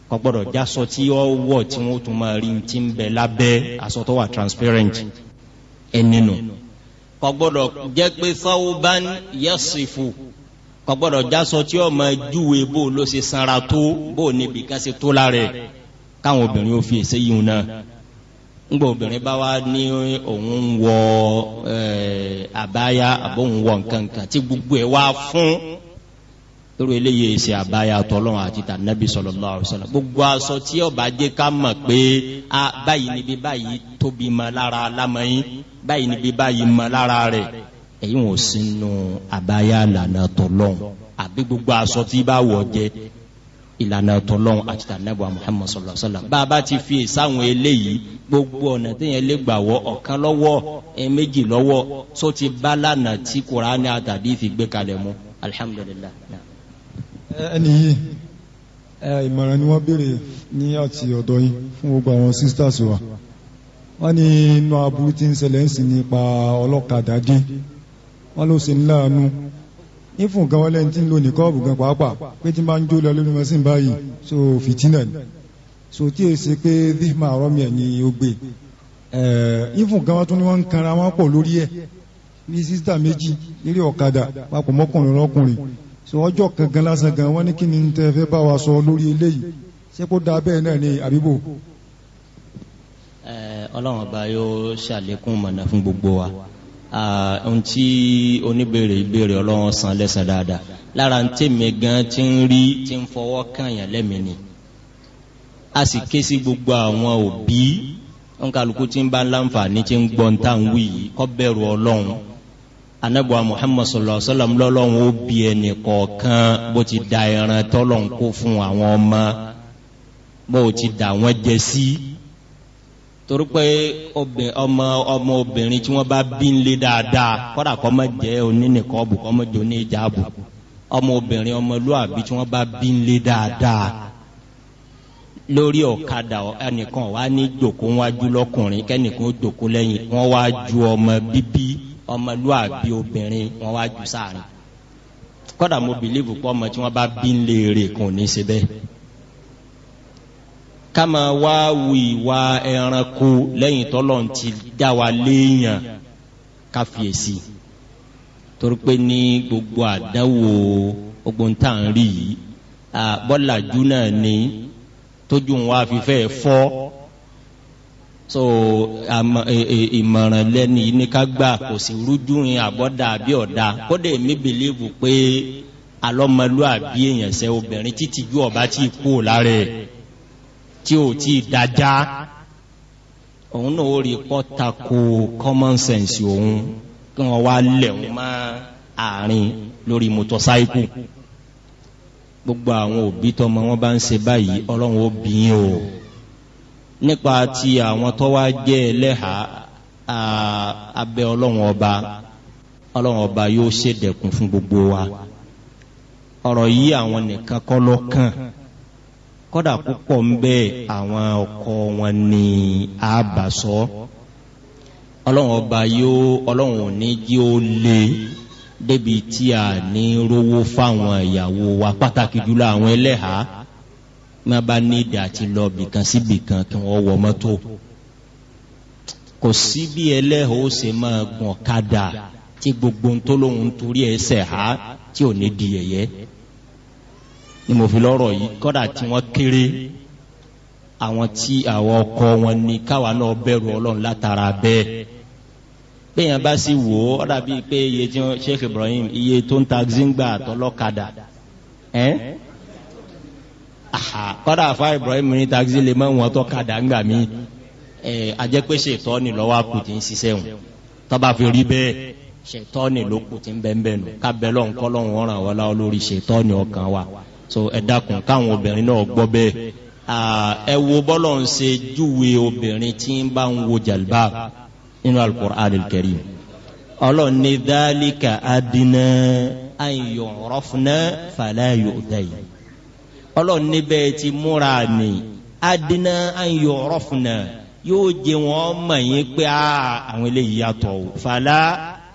kò gbọ́dọ̀ jásọ tí ó wọ̀ tí wọ́n tún máa rí ti ń bẹ lábẹ́ aṣọ tó wà transparent ẹnìnú kò gbọ́dọ̀ jẹ́ pé thawban yasifu kò gbọ́dọ̀ jásọ tí ó máa júwe bó ló ṣe sanra tó bó níbi kan ṣe tó lára ẹ̀ káwọn obìnrin ó fi èsè yìí náà ngbọ obìnrin bá wá ní òun wọ àbáyá àbò òun wọ nkankan tí gbogbo ẹ wá fún lórí eléyìí ṣe àbáyá tọlọ́run àti tànàbí sallallahu alaihi wasallam gbogbo aṣọ tí ọba jẹ ká mọ̀ pé a báyìí níbi báyìí tóbi mọ lára lámọyìn báyìí níbi báyìí mọ lára rẹ èyí wọn ò sínú àbáyá lànà tọlọ́run àbí gbogbo aṣọ tí bá wọ jẹ ìlànà tọlọ́hún àti tànàbọ̀ Muhammad sallallahu alaihi wasallam ti fi sáwọn eléyìí gbogbo ọ̀nà téèyàn lè gbà wọ ọ̀kan lọ́wọ́ méjì lọ́wọ́ tó ti bá lànà tí Kùránì àtàdí fi gbé kalẹ̀ mu alhamdulillah. ẹni yìí ìmọ̀ràn ni wọ́n béèrè ní àti ọ̀dọ̀ yín fún gbogbo àwọn sisters wa wọ́n ní inú aburú tí ń ṣẹlẹ̀ ń sìn nípa ọlọ́kadà dé wọ́n ló ṣe ńláàánú ìfún gan wọlé tí ń lò ní kọ́ọ̀bù gan pàápàá pé tí máa ń jó lọ lórí mọ́sìn báyìí so fìtínà ni so tí è ṣe pé dìhìmà àrọ́mì ẹ̀ ni ó gbé ìfún gan wọn tún ni wọ́n ń kanra wọn pọ̀ lórí ẹ̀ ní sísítà méjì lérí ọ̀kadà papọ̀ mọ́kùnrin lọ́kùnrin so ọjọ́ kan gan lásán gan wọ́n ní kí ni tẹ fẹ́ bá wa sọ lórí eléyìí ṣé kó da bẹ́ẹ̀ náà ni àbíbò. ọlọ́run ọba yóò ṣàlékún mọ̀nà fún gbogbo wa ohun tí oníbèrè ìbéèrè ọlọ́run san lẹ́sàn dáadáa lára ń tèmi gan ti ń rí ti ń fọwọ́ kàyàn lẹ́mìí ni a sì ké sí gbogbo àwọn òbí nkàlùkù tí ń bá láǹfààní tí ń gbọ́ ń ń wí yìí kọ́ bẹ̀rù ọlọ́run anabuwa muhammad sallallahu alaihi wa sallam lọ́lọ́run ó bí ẹnì kọ̀ọ̀kan bó ti da ẹran tọ́lọ́run kó fún àwọn ọmọ bó ti dà wọ́n jẹ sí torí pé ọmọ ọmọ obìnrin tí wọ́n bá bí ń lé dáadáa kọ́dà kọ́ mọ̀ jẹ́ onínìkọ́bù kọ́ mọ̀ jẹ́ oníjàbù ọmọ obìnrin ọmọlúàbí tí wọ́n bá bí ń lé dáadáa lórí ọ̀kadà ẹnìkan wá ní jòkó wájú lọ́kùnrin kẹ́nìkan ó jòkó lẹ́yìn wọ́n wá ju ọmọ bíbí ọmọlúàbí obìnrin wọ́n wá ju sáàrin kọ́dà mo bìlíìfù pé ọmọ tí wọ́n bá bí ń lé rè kàn ní í ṣe bẹ́ẹ̀ kama wa wu ìwà ẹranko lẹ́yìn tọ́lọ̀ ti dá wa léèyàn káfíyèsí torí pé ní gbogbo àdánwò ogun tá à ń rí yìí bọ́làjú náà ni tójú wa fi fẹ́ fọ́ so ìmọ̀ràn lẹ́ni ní ká gbà kò sí rújú yín àbọ̀dà àbí ọ̀dà kódà èmi bìlíìfù pé alọ́mọlúàbí èèyàn sẹ́ obìnrin títí ju ọba tí kú lára ẹ̀ tí ò tí ì dájá òun náà ó rí kọ́ tako common sense òun kí wọ́n wá lẹ̀ wọ́n má àárín lórí motorcycle gbogbo àwọn òbí tọmọ wọn bá ń ṣe báyìí ọlọ́run ó bí yín o nípa ti àwọn tó wá jẹ́ ẹlẹ́hà abẹ́ ọlọ́run ọba ọlọ́run ọba yóò ṣèdẹ̀kùn fún gbogbo wa ọ̀rọ̀ yìí àwọn nìkan kọ́ lọ́kàn kọ́dà púpọ̀ ń bẹ àwọn ọkọ wọn ní àbàsọ́ ọlọ́run ọba yóò ọlọ́run ò ní jí ó lé débi tí a ní rówó fáwọn ìyàwó wa pàtàkì jùlọ àwọn ẹlẹ́hà má bá ní ìdí àti lọ bìkan sí bìkan kí wọ́n wọ mọ́tò kò sí bí ẹlẹ́hà ó ṣe máa gùn ọ̀kadà tí gbogbo ń tó lóun torí ẹsẹ̀ há tí ò ní di yẹ̀yẹ́ ni mo fi lọ́rọ̀ yìí kọ́dà tí wọ́n kéré àwọn tí àwọn ọkọ wọn ní káwa náà bẹ̀rù ọlọ́run látara bẹ́ẹ̀ bẹ́ẹ̀yàn bá sì wò ó ọ̀dà bíi pé iye tí wọ́n Sheikh Ibrahim iye tó ń ta zingba àtọlọ́kadà ẹ́ kọ́dà àfa Ibrahim ní taxi lè mọ̀ wọ́n tọ́kadà ńgbà mí ẹ̀ ajẹ́pẹ́ ṣètọ́ ni lọ́wọ́ àkùtì ń ṣiṣẹ́ wọn tọ́ba fi rí bẹ́ẹ̀ ṣètọ́ ni lókùtì ń bẹ́ẹ̀ bẹ́ẹ̀ nù kábẹ́lọ́ ńkọ́ lọ́hùn ọ̀ràn wọlá olórí ṣètọ́ ni ọkàn wa so ẹ dákun káwọn obìnrin náà gbọ́ bẹ́ẹ̀ ẹ wo bọ́lọ̀ ń ṣe júwe obìnrin tí ń bá ń wo jàlbá nínú al-Qur'an al-Karim ọlọ́ni dálíkà adìnnà ayọ̀ rọ́fúnà fàlàyò dàyí ọlọ́ni bẹ́ẹ̀ ti múra mi adìnnà ayọ̀ yóò jẹ wọn mọ̀ yín pé àwọn eléyìí yàtọ̀ fàlà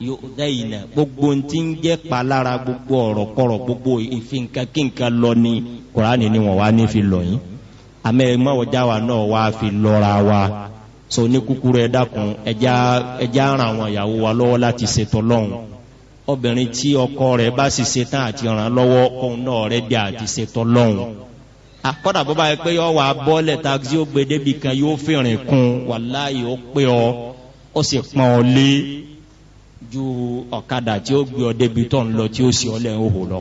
yudayna gbogbo ntí ń jẹ́ palára gbogbo ọ̀rọ̀ kọ̀rọ̀ gbogbo ìfinkan kínkan lọ ni kùránì ni wọ́n wá ní fi lọ yín àmẹ́ mọ́wọ́já wa náà wá fi lọ́ra wa so ní kúkúrú ẹ dákun ẹja ara àwọn ìyàwó wa lọ́wọ́ láti ṣètò lọ́hùn obìnrin tí ọkọ rẹ̀ bá sì ṣetán àti ràn lọ́wọ́ kóun náà rẹ̀ dé àti ṣètò lọ́hùn akọ́dà bó yẹ pé yọ wà bọ́ọ̀lẹ̀ taxi ó gbé débi kan yóò fìrìn kun wàláyé ó pé ọ ó sì pọ́n ọ lé ju ọ̀kadà tí ó gbé ọ débi tó ń lọ tí ó sì ọ lẹ́yìn òhò lọ.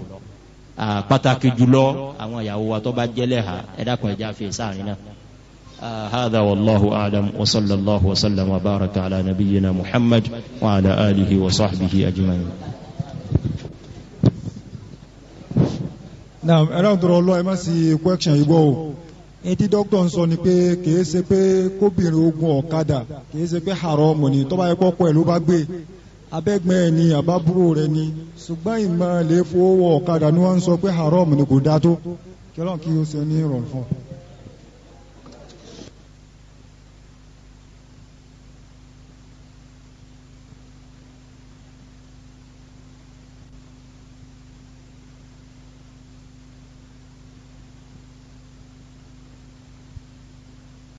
pàtàkì jùlọ àwọn ìyàwó wa tó bá jẹ́lẹ̀ ha ẹ̀dá kan ẹja fi sáàrin náà. هذا والله أعلم وصلى الله وسلم وبارك على نبينا محمد وعلى آله وصحبه أجمعين now ẹ̀rọ ìdúró ọlọ́ ẹ má sì question yìí gbọ́ o ní tí dókítà ń sọ ni pé kìí ṣe pé kóbìnrin ogun ọ̀kadà kìí ṣe pé haramu ni tó bá kọ́kọ́ ẹ̀ ló bá gbé abẹ́gbẹ́ ẹ̀ ni àbábúrò rẹ̀ ni ṣùgbọ́n ìmọ̀ lè fowó wọ ọ̀kadà ni wọ́n ń sọ pé haram ni kò dáa tó kí ọlọ́run kí ó ṣe ní ìrọ̀rùn